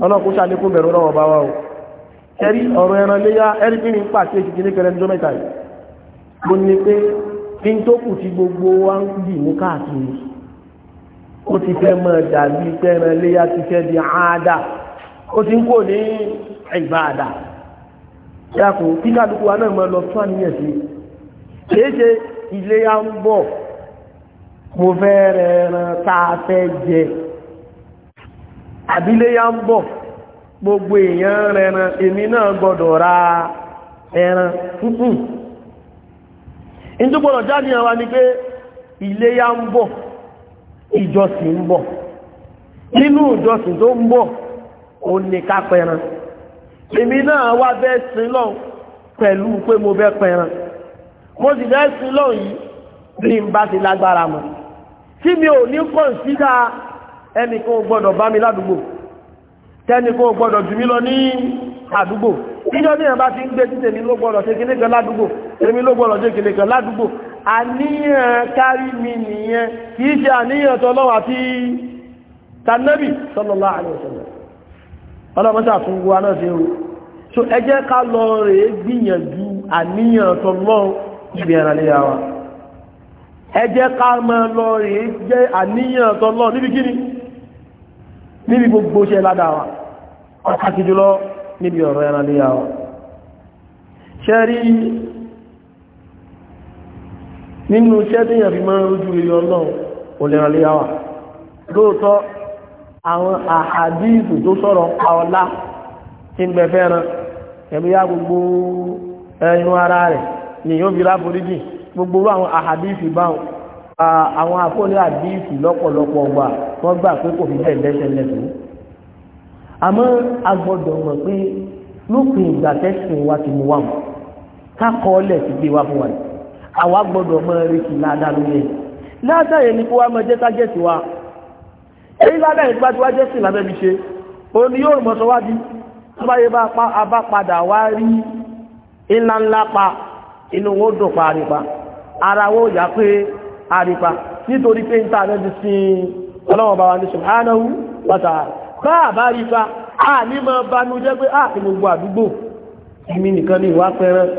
ọlọ́kùn ṣàlékún bẹ̀rù lọ́wọ́ bá wá o ẹ̀rí ọ̀rọ̀ ẹran léyá ẹ̀rí bí ní pàṣẹ ìṣìkí ní kẹrẹ́ńdọ́ mẹ́ta yìí mo ní pé kí n tó kù tí gbogbo wa ń dì mú káàkiri ó ti fẹ́ mọ́ dàbí pẹ́ran léyá ti fẹ́ di àádá ó ti ń kò ní ìbáàdà yàtọ̀ kí kálukú wa náà mọ́ lọ fún àníyàn sí kìí ṣe ń bọ̀ mo fẹ́ rẹ̀ ẹran tá fẹ́ jẹ àbíléyà ń bọ̀ gbogbo èèyàn rẹran èmi náà gbọ́dọ̀ ra ẹran púpùn ìtúgbọ́dọ̀ jáde àwọn ni pé iléyà ń bọ̀ ìjọsìn ń bọ̀ nínú ìjọsìn tó ń bọ̀ ó ní ká pẹran èmi náà wá bẹ́ẹ̀ sin lọ pẹ̀lú pé mo bẹ́ pẹran mo sì bẹ́ẹ̀ sin lọ yìí bí n bá ti lágbára mọ̀ tí mi ò ní kọ̀ǹsídà ẹnìkan ò gbọ́dọ̀ bá mi ládùúgbò tẹ́nìkan ò gbọ́dọ̀ jù mí lọ ní àdúgbò níjọ́ ní ẹ̀bá ti ń gbé títẹ̀ mi ló gbọ́dọ̀ ṣe kíní kan ládùúgbò èmi ló gbọ́dọ̀ ṣe kíní kan ládùúgbò àníyàn kárí mi nìyẹn kì í ṣe àníyàn àti tanabi àníyàn níbi gbogbo ṣe ládáwà pàtàkì jùlọ níbi ọ̀rọ̀ ẹran lè yàwó ṣe rí nínú iṣẹ́ tí yàn fi máa ń rójú rí ọlọ́run olèrànlé yàwó lóòótọ́ àwọn àhàdíìsù tó sọ̀rọ̀ pa ọlá tí ń bẹ fẹ́ràn ẹ̀bí yá gbogbo ẹnu ara rẹ̀ ni yóò wọ́n gbà pé kò fi bẹ́ẹ̀ lẹ́sẹ̀ lẹ́tọ́ àmọ́ a gbọ́dọ̀ mọ̀ pé lópin ìgbà tẹ́sìn wa ti mú wa mọ̀ kákọọ́lẹ̀ ti gbé wa fún wa àwa gbọ́dọ̀ mọ retí ládàá lóye ládàá yẹn ni kó wa mọ jẹ́ kájẹ́ sí wa èyí ládàá yẹn gbájú wa jẹ́ sí mi ṣe òun ni yóò mọ̀ sọ wá di tó bá yẹ bá padà wá rí ńláńlá pa inú wọn dùn pa àrípa ara wọn ò yá pé àrípa nítorí pé ń ta àrẹ́ ti sin ọlọ́wọ̀n bá wa ní subhanahu wa ta'ala bá àbá rí fa a ní mọ́ banú jẹ́ pé àti gbogbo àdúgbò èmi nìkan ní ìwà pẹran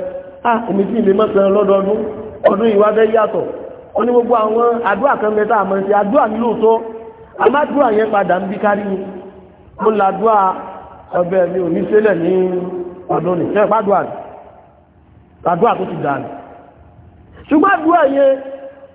àmì tí ilé mọ́sàn lọ́dọọdún ọdún ìwà bẹ́ yàtọ̀ ó ní gbogbo àwọn àdúrà kan mẹ́ta àmọ́ sí àdúrà ní lóòótọ́ àmádùrà yẹn padà ń bí kárí ní ọdún nìkẹ́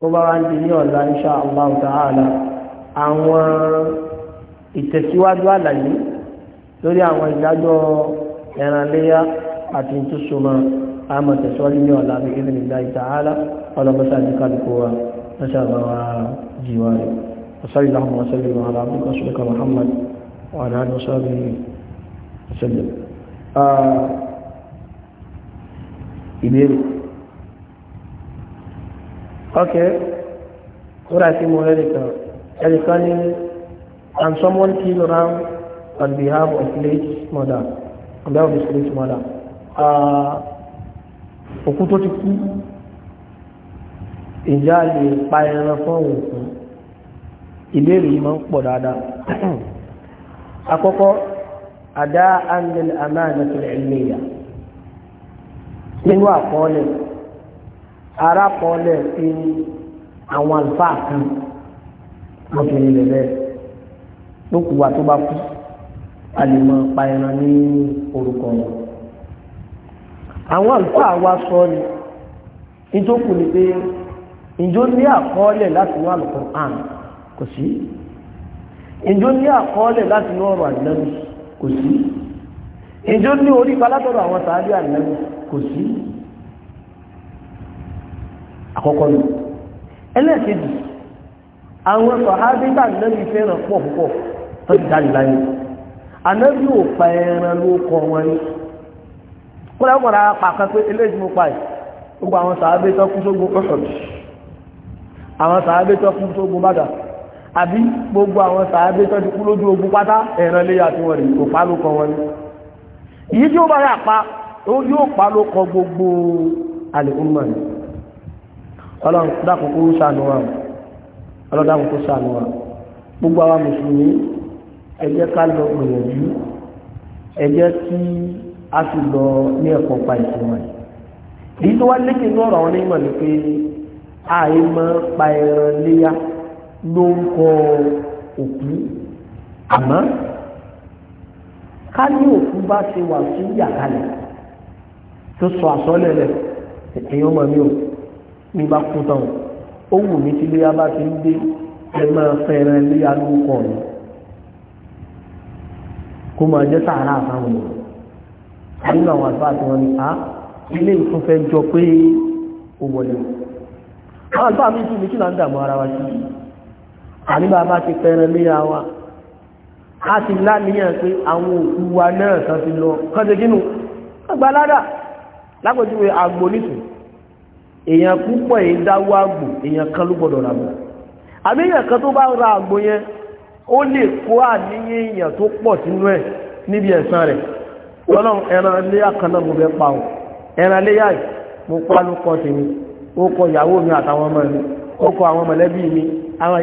tó bá wá ń di ní ọ̀la insha Allah ta'ala àwọn ìtẹ̀síwájú àlàyé lórí àwọn ìdájọ́ ẹranléyà àti ìtúsùnmọ́ àmọ̀ tẹ̀síwájú ní ọ̀la bí ibi nìgbà ta'ala ọlọ́mọṣà ní kálukú wa mọ́ṣà bá wa jìwà rẹ̀ وصلى اللهم وسلم على عبدك ورسولك محمد وعلى اله وصحبه وسلم. ìbéèrè okay kúrò sí mo ẹnìkan ẹnìkan ní and someone kill ram on behalf of late mother on behalf of his late mother òkú ah, tó ti kú ìjà lè pa ẹran fún òun fún ìbéèrè yìí máa ń pọ̀ dáadáa <clears throat> àkọ́kọ́ àdá anil amáyàtò ẹ̀mẹ́yà nínú àkọọ́lẹ̀ arákọọlẹ̀ fi àwọn àlùfáà kan lọ́kùnrin lẹ̀ bẹ́ẹ̀ lókùwà tó bá kú a lè mọ payẹran ní orúkọ wọn. àwọn àlùfáà wa sọ ni ìjókòó ni pé ìjó ní àkọọ́lẹ̀ láti inú Al-Qur'an kò sí ìjó ní àkọọ́lẹ̀ láti inú ọ̀rọ̀ àdínẹ́bù kò sí ìjó ní orí balátọ̀rọ̀ àwọn sàájú àdínẹ́bù kò sí. àkọ́kọ́ ni ẹlẹ́ẹ̀kejì àwọn sọ̀hábítà nẹ́bí fẹ́ràn pọ̀ púpọ̀ tó ti dájú láyé ànẹ́bí ò pa ẹran ló kọ wọn ní kọ́lẹ́kọ̀ọ́ra pàkan pé mo pa ẹ̀ gbogbo àwọn sàábítà kú sógun ọ̀sọ̀ àwọn kú sógun bàdà àbí gbogbo àwọn sàábítà ti kú lójú ogun pátá ẹran ló kọ wọn ní tí ó bá yà pa yóò pa ló kọ gbogbo ọlọ́run dákòókò sànù wa ọlọ́run dákòókò sànù wa gbogbo àwa mùsùlùmí ẹ jẹ́ ká lọ gbìyànjú ẹ jẹ́ kí a sì lọ ní ẹ̀kọ́ pa ìsìn wọn èyí tó wá lékè ní ọ̀rọ̀ àwọn onímọ̀ ni pé àì máa pa ẹran léyà ló ń kọ òkú àmọ́ ká ní òkú bá ṣe wà sí yàrá tó sọ àsọ́lẹ̀ rẹ̀ èèyàn mọ̀ mí òkú ní bá kú tán ó wù mí tí léyà bá ti ń dé ẹ máa fẹ́ràn léyà lórúkọ mi kó máa jẹ́ sàárà àtàwọn èèyàn nínú àwọn àgbà tí wọ́n ní a ilé ìfúnfẹ́ jọ pé ó wọlé àwọn àgbà mi tún ní kí là ń dààmú ara wa sí àní bàbá ti fẹ́ràn léyà wa a ti láníyàn pé àwọn òkú wa náà kan ti lọ kán ti gínú àgbò nísìnyí èèyàn púpọ̀ yìí dáwó àgbò èèyàn kan ló gbọ́dọ̀ rà bọ̀ àmì èèyàn kan tó bá ra àgbò yẹn ó lè kó àníyàn èèyàn tó pọ̀ sínú ẹ̀ níbi ẹ̀san rẹ̀ ọlọ́run ẹran léyà kan náà mo fẹ́ pa ọ́ ẹran léyà yìí mo pa ló tèmi ó kọ ìyàwó àwọn mọ̀lẹ́bí mi àwọn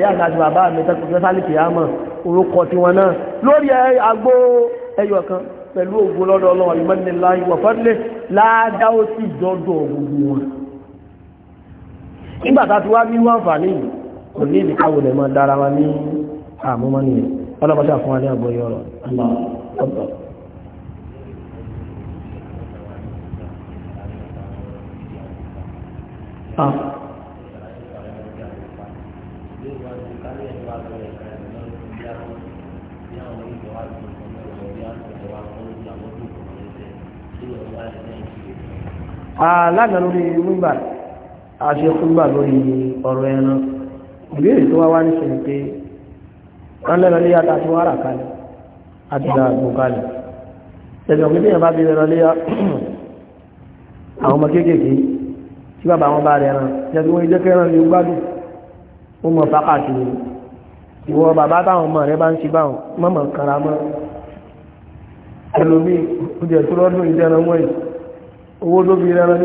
nígbàtà tí wá bí wọ́n fà ní kò ní ìdíkàwò lè mọ́ dára wa ní àmúmọ́ ní ọlọ́pàá fún wa ní àgbóyé ọ̀rọ̀ ọ̀pọ̀ Àlànà ah. ah, lórí Wimbledon a ṣe kúgbà lórí ọ̀rọ̀ ẹran ìbéèrè tó wá wá níṣẹ́ ni pé wọ́n lẹ́nu léyà tá a ti wá rà kalẹ̀ a ti ra àgbò kalẹ̀ ẹ̀sìn òkè téèyàn bá fi lẹ́nu léyà àwọn ọmọ kéékèèké tí bàbá wọn bá rẹ̀ ẹran jẹ́ kí wọ́n jẹ́ kẹ́ran ní gbádùn ó mọ̀ fákàtì ìwọ bàbá táwọn ọmọ rẹ bá ń ṣe báwọn mọ́mọ́ kara mọ́ ẹlòmíì ó jẹ́ tó lọ́dún ìdẹ́ran wọ̀nyí owó tó fi rẹran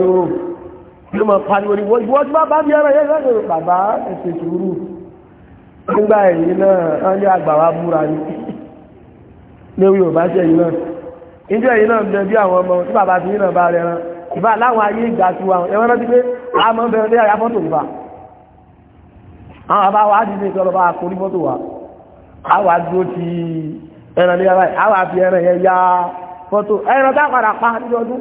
ló mọ̀ pariwo ní wọ́n ìwọ́n tí bá bá bí ara yẹ́ lọ́dọ̀ bàbá ẹ̀sẹ̀ sùúrù nígbà èyí náà á ní àgbàwá búra ní léwu yorùbá ṣe yìí náà ìjọ èyí náà bẹ bí àwọn ọmọ tí bàbá ti yín náà bá rẹ rán ìbá láwọn ayé ìgbà tí wa ẹ̀wọ́n rántí pé a mọ̀ ń bẹ̀rẹ̀ lẹ́yà fọ́tò ìbá àwọn bàbá wa á di ní ìtọ́lọ́ bá a kórí fọ́tò wa á wà dúró ti ẹran lẹ́yà báyìí á wà fi ẹran yẹn ya fọ́tò ẹran tá a padà pa níjọ́ ọdún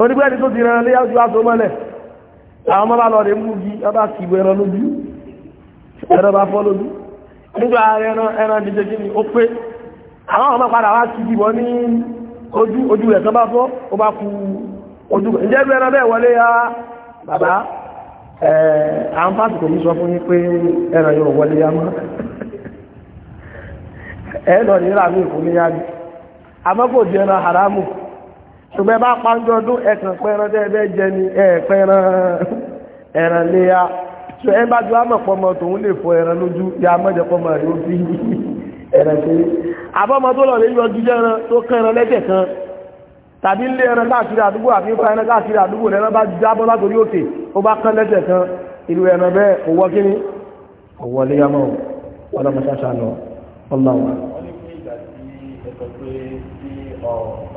onígbẹ́ni tó ti rán léyà ojú aṣọ mọ́lẹ̀ àwọn ọmọ bá lọ rẹ̀ mú bí ọba sì ìwé ẹran lójú ẹran bá fọ́ lójú nígbà ẹran ẹran dìde kí ni ó pé àwọn ọmọ padà wá ní ojú ojú rẹ̀ kan bá fọ́ ó bá ku ojú rẹ̀ ǹjẹ́ bí ẹran bẹ́ẹ̀ ya bàbá àwọn pásítọ̀ mi sọ fún yín pé ẹran yóò wọlé ya mọ́ ẹ̀ lọ nílà mí ṣùgbọ́n ẹ bá pàjọ ọdún ẹ̀kàn pẹran dẹ́ẹ̀dẹ́ jẹ ni ẹ̀ẹ̀pẹran ẹ̀ràn léya ṣe ẹ bá ju àmọ̀ pọmọ tòun lè fọ ẹran lójú ya mọ́jẹ pọmọ rẹ̀ ó fi ẹ̀ràn ṣe àbọ̀mọ tó lọ lè yọ jíjẹ́ ẹran tó kán ẹran lẹ́jẹ̀ kan tàbí lé ẹran káàkiri àdúgbò àbí fa ẹran káàkiri àdúgbò lẹ́ran bá jábọ́ látòrí òkè ó bá kán lẹ́jẹ̀ kan ìlú ẹran bẹ́ẹ̀ kò wọ́ kíní kò wọ́ léyà ọlọ́mọ ṣáṣá lọ ọlọ́wọ́. wọ́n ní fún ìgbà tí ẹ̀kọ́ pé tí ọ̀rọ̀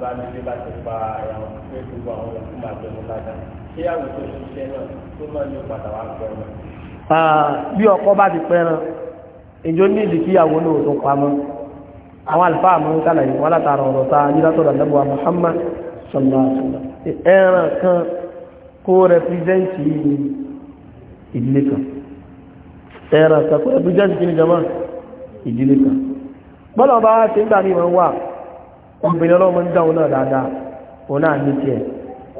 bá nílé bá ti pa ẹ̀yà wọn pé gbogbo àwọn ọmọ máa jẹ mọ́ dáadáa ṣé àwọn tó ń ṣiṣẹ́ náà tó máa ní padà wá pẹ́ bí ọkọ bá ti pẹ́ràn ìjọ ní ìdí kí àwọn olóòwò tó pamọ́ àwọn àlùfáà mọ́ ń kálàyé wọn látara ọ̀rọ̀ ta nílátọ̀dọ̀ lẹ́bùwà Muhammad sallallahu alaihi wasallam ẹran kan kó rẹpírẹ́ǹtì ìdílé kan ẹran kan kó rẹpírẹ́ǹtì kí ni jama ìdílé kan bọ́lá ọba ti ń gbà ní ìwọ̀n wà obìnrin ọlọ́mọ ń dáhùn náà dáadáa na náà ní tiẹ̀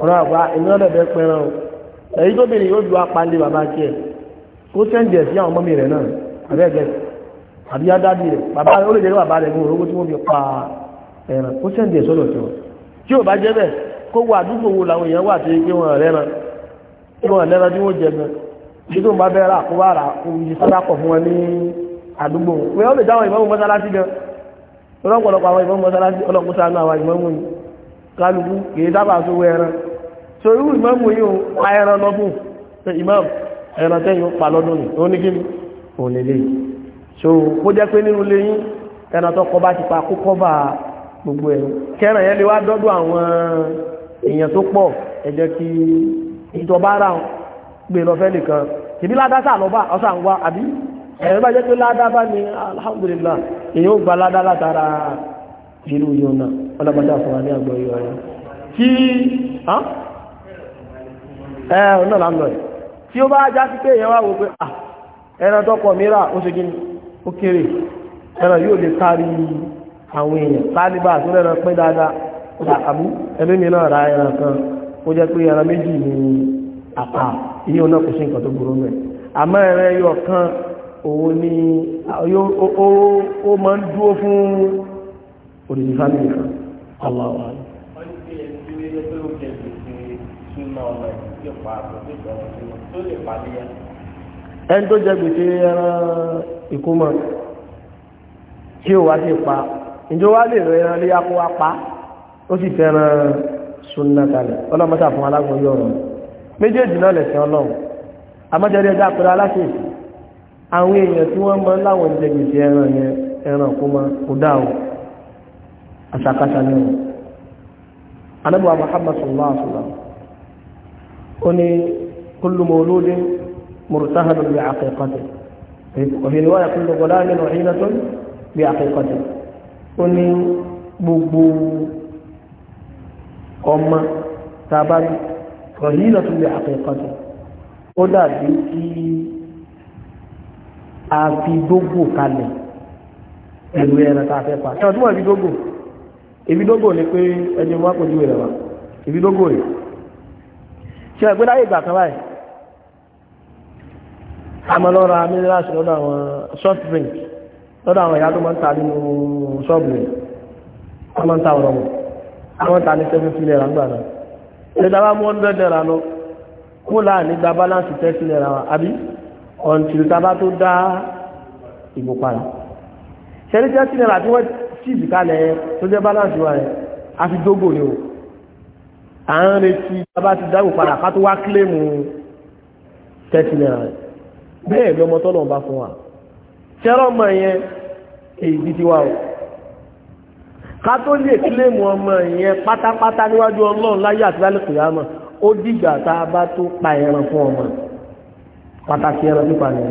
ọ̀rọ̀ àgbà ìyẹn ọlọ́dẹ o èyí tó bìnrin yóò ju apalẹ̀ bàbá tiẹ̀ kó sẹ́ǹdì sí àwọn mọ́mí rẹ̀ náà àbẹ́ẹ̀gẹ́ àbí adádi rẹ̀ bàbá rẹ̀ ó lè jẹ́ bàbá rẹ̀ tí wọ́n fi pa ẹran kó sẹ́ǹdì sọ́dọ̀ tiwọn tí ò bá jẹ́ bẹ́ẹ̀ kó àdúgbò wo làwọn èèyàn wà ọlọ́pọ̀lọpọ̀ àwọn ìmọ̀ mọ́sálásí ọlọ́pọ̀sánú àwọn ìmọ̀ mú ní kálùkù kìí dábà tó wẹ so irú ìmọ̀ mú yíò ayẹran lọ́bùn tẹ ìmọ̀ ẹran tẹ́yìn pa lọ́dún ní ó so kó jẹ́ pé nínú lẹ́yìn ẹran tó kọba ti pa kó kọba gbogbo ẹ̀ kẹran yẹn lè wá dọ́dọ̀ àwọn èèyàn tó pọ̀ ẹ jẹ́ kí ìjọba ara gbé lọ fẹ́ nìkan ìbí ládásà lọ́ba ọ̀sán wa àbí ẹ̀rọ bá jẹ́ pé ládá bá ní alhamdulillah èyí ó gba ládá látara ìlú yóò náà ọlọ́pàá fún wa ní àgbọ̀ yóò rẹ̀ tí ẹ̀rọ náà lánàá rẹ̀ tí ó bá já sí pé èyàn wá wò pé ẹran tọ́kọ̀ mìíràn ó ṣe gíní ó kéré ẹran yóò lè kárí àwọn èèyàn tálíbà tó rẹ̀ràn pín dáadáa àbú ẹlẹ́mi náà ra ẹran kan ó òun ni o máa ń dúó fún òdìdí fámìlì kan aláwọ̀ ẹni tó jẹ gbèsè ẹran ìkómọ tí ó wá sí pa ìjọ wá lè rẹ ẹran léyà kó wá pa ó sì fẹ́ràn sunna kalẹ̀ ọlọ́mọta fún alágbọ̀n yọ̀rọ̀ méjèèjì náà lẹ̀sẹ̀ ọlọ́run amájẹ́rẹ́ ẹja àpẹẹrẹ aláṣẹ ìsìn àwọn èèyàn tí wọ́n mọ́ láwọn jẹgbèsè ẹran yẹn ẹran kó mọ́ kó dá o àṣàkáṣà ní wọn anábọ̀ Muhammad sallallahu alaihi wasallam ó ní kullu mawludin murtahadun bi aqiqatihi wa fi riwaya kullu ghulamin rahinatun bi ó ní gbogbo ọmọ tàbí rahinatun bi aqiqatihi ó dàbí kí àfi dógò kalẹ̀ pẹ̀lú ẹran tá a fẹ́ pa ẹ̀rọ tó wà ibi dógò ibi dógò ni pé ẹni wá pẹ̀lú ẹ̀rọ wa ibi dógò rẹ̀ ṣe ẹ̀gbẹ́ láyé ìgbà kan báyìí àmọ́ lọ́ra minerals lọ́dọ̀ àwọn soft drink lọ́dọ̀ àwọn ìyá tó máa ń ta nínú ṣọ́ọ̀bù rẹ̀ wọ́n máa ń ta ọ̀rọ̀ wọn àwọn ta ní seven fílẹ̀ rà gbà náà ṣe dábàá mú one hundred naira lọ kó láà ní gba balance ten fílẹ̀ rà wa àbí ọ̀ntìlù tábà tó dá ìbò padà ṣẹ́rí tí wọ́n ti nira tí wọ́n sì jì kalẹ̀ tó jẹ́ balance wa rẹ̀ a fi dógò ni o à ń retí tábà ti dáwò padà ká tó wá kílèmù thirty rẹ̀ bẹ́ẹ̀ lọ́mọ tọ́lọ̀ bá fún wa ṣẹ́rọ̀ ọmọ yẹn èyí ti wá o ká tó lè kílèmù ọmọ yẹn pátápátá níwájú ọlọ́run láyé àti lálẹ́ kìyàmọ̀ ó dìgbà tá a bá tó pa ẹran fún ọmọ yẹn pàtàkì ẹran pípa ni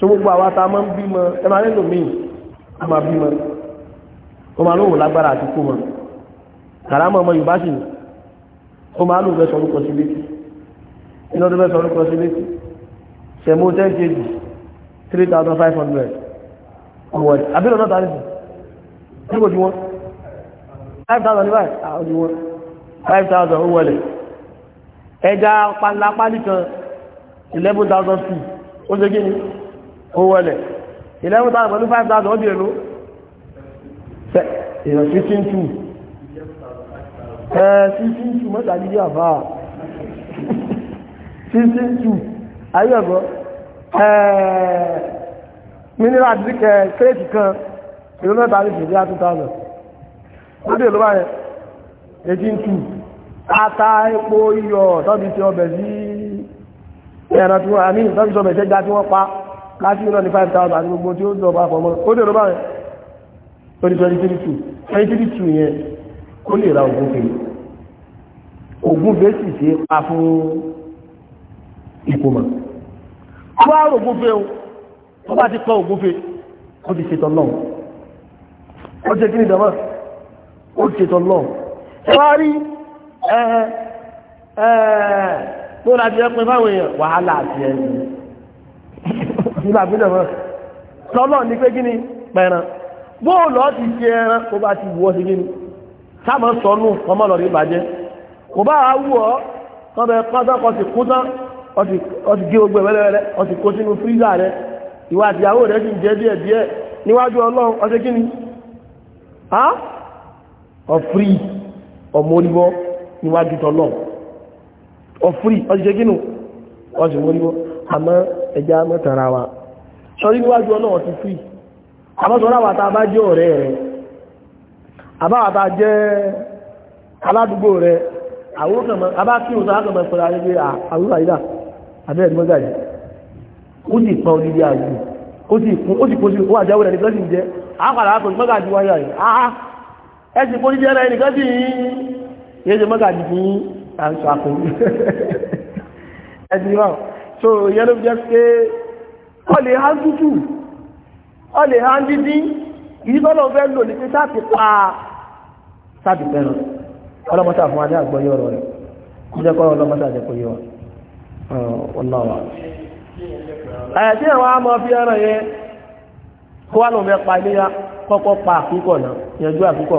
so gbogbo àwa tá a máa ń bímọ ẹ máa nílò míì a máa bímọ ó máa lóhùn lágbára àti kó mọ kàrámọ̀ ọmọ yorùbá sì ó máa lóhùn fẹ́ orúkọ sí létí iná tó fẹ́ orúkọ sí létí sẹ̀mó ten kg three thousand five hundred ọ̀wọ̀dì àbílọ̀ náà tàbí sí nígbò tí wọ́n five thousand ní báyìí àwọn ojú wọn five thousand ó wọlé ẹja panlápálí kan eleven thousand two ó ṣe kí ni ó eleven thousand pẹ̀lú five thousand ó di èlò èèyàn fifteen two ẹ fifteen two mọ́tà dídí àbá <laughs> fifteen two ayé ẹ̀gọ́ ẹ mineral drink ẹ kírètì kan èlò mẹ́ta ní fìdí two thousand ó di èlò báyẹn eighteen two ata epo iyọ̀ tọ́bi ti ọbẹ̀ sí ẹ̀rọ tí wọ́n àmì ìtọ́jú sọ bẹ̀ṣẹ́ já tí wọ́n pa láti ìrọ̀ ní 5,000 àti gbogbo tí ó jọ bá fọmọ́ ó dèrò báyìí lórí 2032 2032 yẹn ó lè ra ògúnfe ògúnfe sì ṣe pa fún ìkòmọ̀ tó bá rò ògúnfe o tó bá ti kọ́ ògúnfe ó ti ṣetán náà ó ṣe kí ni dàmọ́ ó ti ẹ̀ẹ́ tó ra ti ẹpin fáwọn èèyàn wàhálà àti ẹni nígbà gbígbà mọ́ lọ́lọ́ ní pé gíní pẹ̀ràn bóòlù ọ́ ti ṣe ẹran tó bá ti wù ọ́ sí gíní sáàmọ́ sọnù ọmọ lọ rí bàjẹ́ kò bá wà wù ọ́ tọ́ bẹ pátákọ́ ti kú tán ọ ti gé ogbè wẹ́lẹ́wẹ́lẹ́ ọ ti kó sínú fírísà rẹ ìwà àtìyàwó rẹ ti ń jẹ díẹ̀ díẹ̀ níwájú ọlọ́run ọ ṣe gíní ọ fírí ọmọ oníbọ níwájú tọlọ́run ọ̀fúrì ọ̀ṣiṣẹ́ gínú ọ̀ṣì mọ́ríwọ́ àmọ́ ẹja mọ́tara wa sọrí níwájú ọlọ́wọ́ ti fúrì àmọ́sọ́rọ́ àwọn jẹ́ ọ̀rẹ́ rẹ̀ jẹ́ rẹ̀ ẹ̀sìn ẹ̀rẹ́ ẹnìkan sí yìí yẹ́ mọ́gàjì fún yìí à ń sàkó ẹ̀sìn wọn so ìyẹn ló fi jẹ́ pé ọ lè há tútù ọ lè há dídín ìdí tọ́lọ́ fẹ́ lò ní pé sáàtì pa sáàtì fẹ́ràn ọlọ́mọta fún adé àgbọ́yé ọ̀rọ̀ rẹ̀ kó jẹ́ kọ́ ọlọ́mọta àjẹkọ́yé wa ọlọ́wà àyàtí àwọn àmọ́ fi ẹran yẹn kó wà lóun fẹ́ pa iléyà kọ́kọ́ pa àkúkọ̀ náà yanjú àkúkọ̀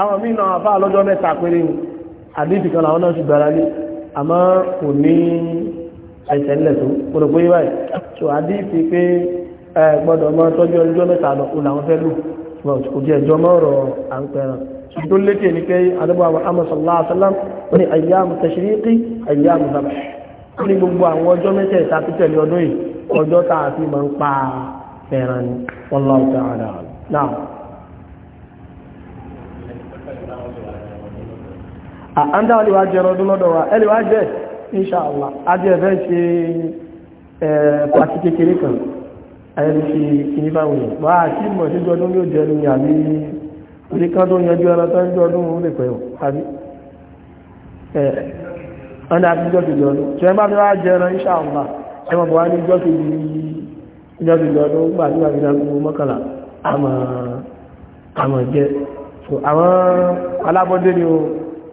àwọn mínà àfá lọ́jọ́ mẹ́ta péré ni àdífì kan àwọn náà sì gbára lé àmọ́ kò ní àìsẹ̀lẹ̀ tó kòrògbé báyìí so àdífì pé gbọ́dọ̀ mọ́ tọ́jú ọjọ́ mẹ́ta lọ kó làwọn fẹ́ lò kò jẹ́ ẹjọ́ mọ́rọ̀ à ń pẹ̀rẹ̀ tó lékè ní pé adébọ̀ àwọn amọ̀sọ̀lá àṣálá ó ní àyàmù tẹ̀síríkì àyàmù dàbà ó ní gbogbo àwọn ọjọ́ mẹ́tẹ̀ẹ̀ta tó ń pa ẹran ni wọ́n lọ́ọ̀tà àdáhà náà Ah, àndá wà lè wá jẹ́ ọdún lọ́dọ̀ wa ẹlẹ́ wá jẹ́ inṣàlá ajẹ́ ẹ̀fẹ́ ṣe pàtí kékeré kan ayẹ́lẹ́ ṣe kìíní bá wùyẹ̀ wá àti mọ̀ sí ọdún yóò jẹ́ ní àbí orí kan tó yanjú ẹran tó ń jọ ọdún ó lè pẹ̀ àbí ọ̀nà àti ìjọ kejì ọdún tí wọ́n bá fẹ́ wá jẹ́ ẹran inṣàlá ẹ mọ̀ bọ̀ wá ní ìjọ kejì ìjọ kejì ọdún gbà nígbà gíga gbogbo mọ́kànlá àmọ̀ jẹ́ àwọn alábọ́dé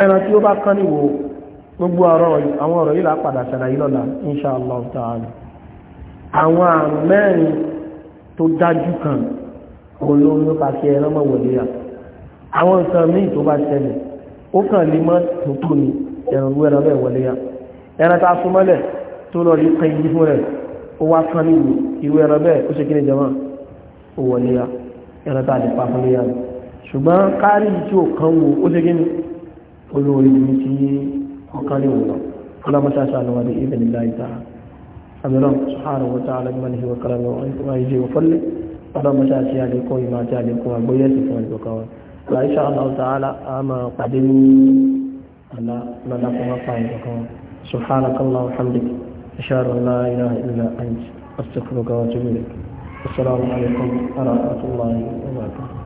ẹran tí ó bá kán níwò gbogbo ọ̀rọ̀ àwọn ọ̀rọ̀ yìí là padà ṣàlàyé lọ́la insha Allah ta'ala àwọn àrùn mẹ́rin tó dájú kan olóhùn nípa kí ẹran mọ̀ wọlé à àwọn nǹkan míì tó bá ṣẹlẹ̀ ó kàn lè mọ́ tòótọ́ ni ẹran ló ẹran bẹ́ẹ̀ wọlé à ẹran tá a fún mọ́lẹ̀ tó lọ rí kan yìí fún rẹ̀ ó wá kán níwò ìwé ẹran bẹ́ẹ̀ ó ṣe kí ni jama ó wọlé à ẹran tá a lè pa fún yàrá ṣùgbọ́n kárí tí ó kàn wo ó ṣe gíní olóorí ní tí ọkàn lè wùlọ ọlọ́mọṣáṣá àwọn àdé ìbẹ̀ nílá ìta àmìràn sọ́hánà wọ́ta alágbàmọ́ni wa kalamu wa ìṣe wa fọ́lẹ̀ ọlọ́mọṣáṣí àlékọ́ ìmọ̀ àti àlékọ́ àgbóyẹ̀sì fún Allah ta'ala a máa pàdé ní alákọ̀ọ́ pa ìkọ̀kọ́ سبحانك اللهم وبحمدك أشهد أن لا إله إلا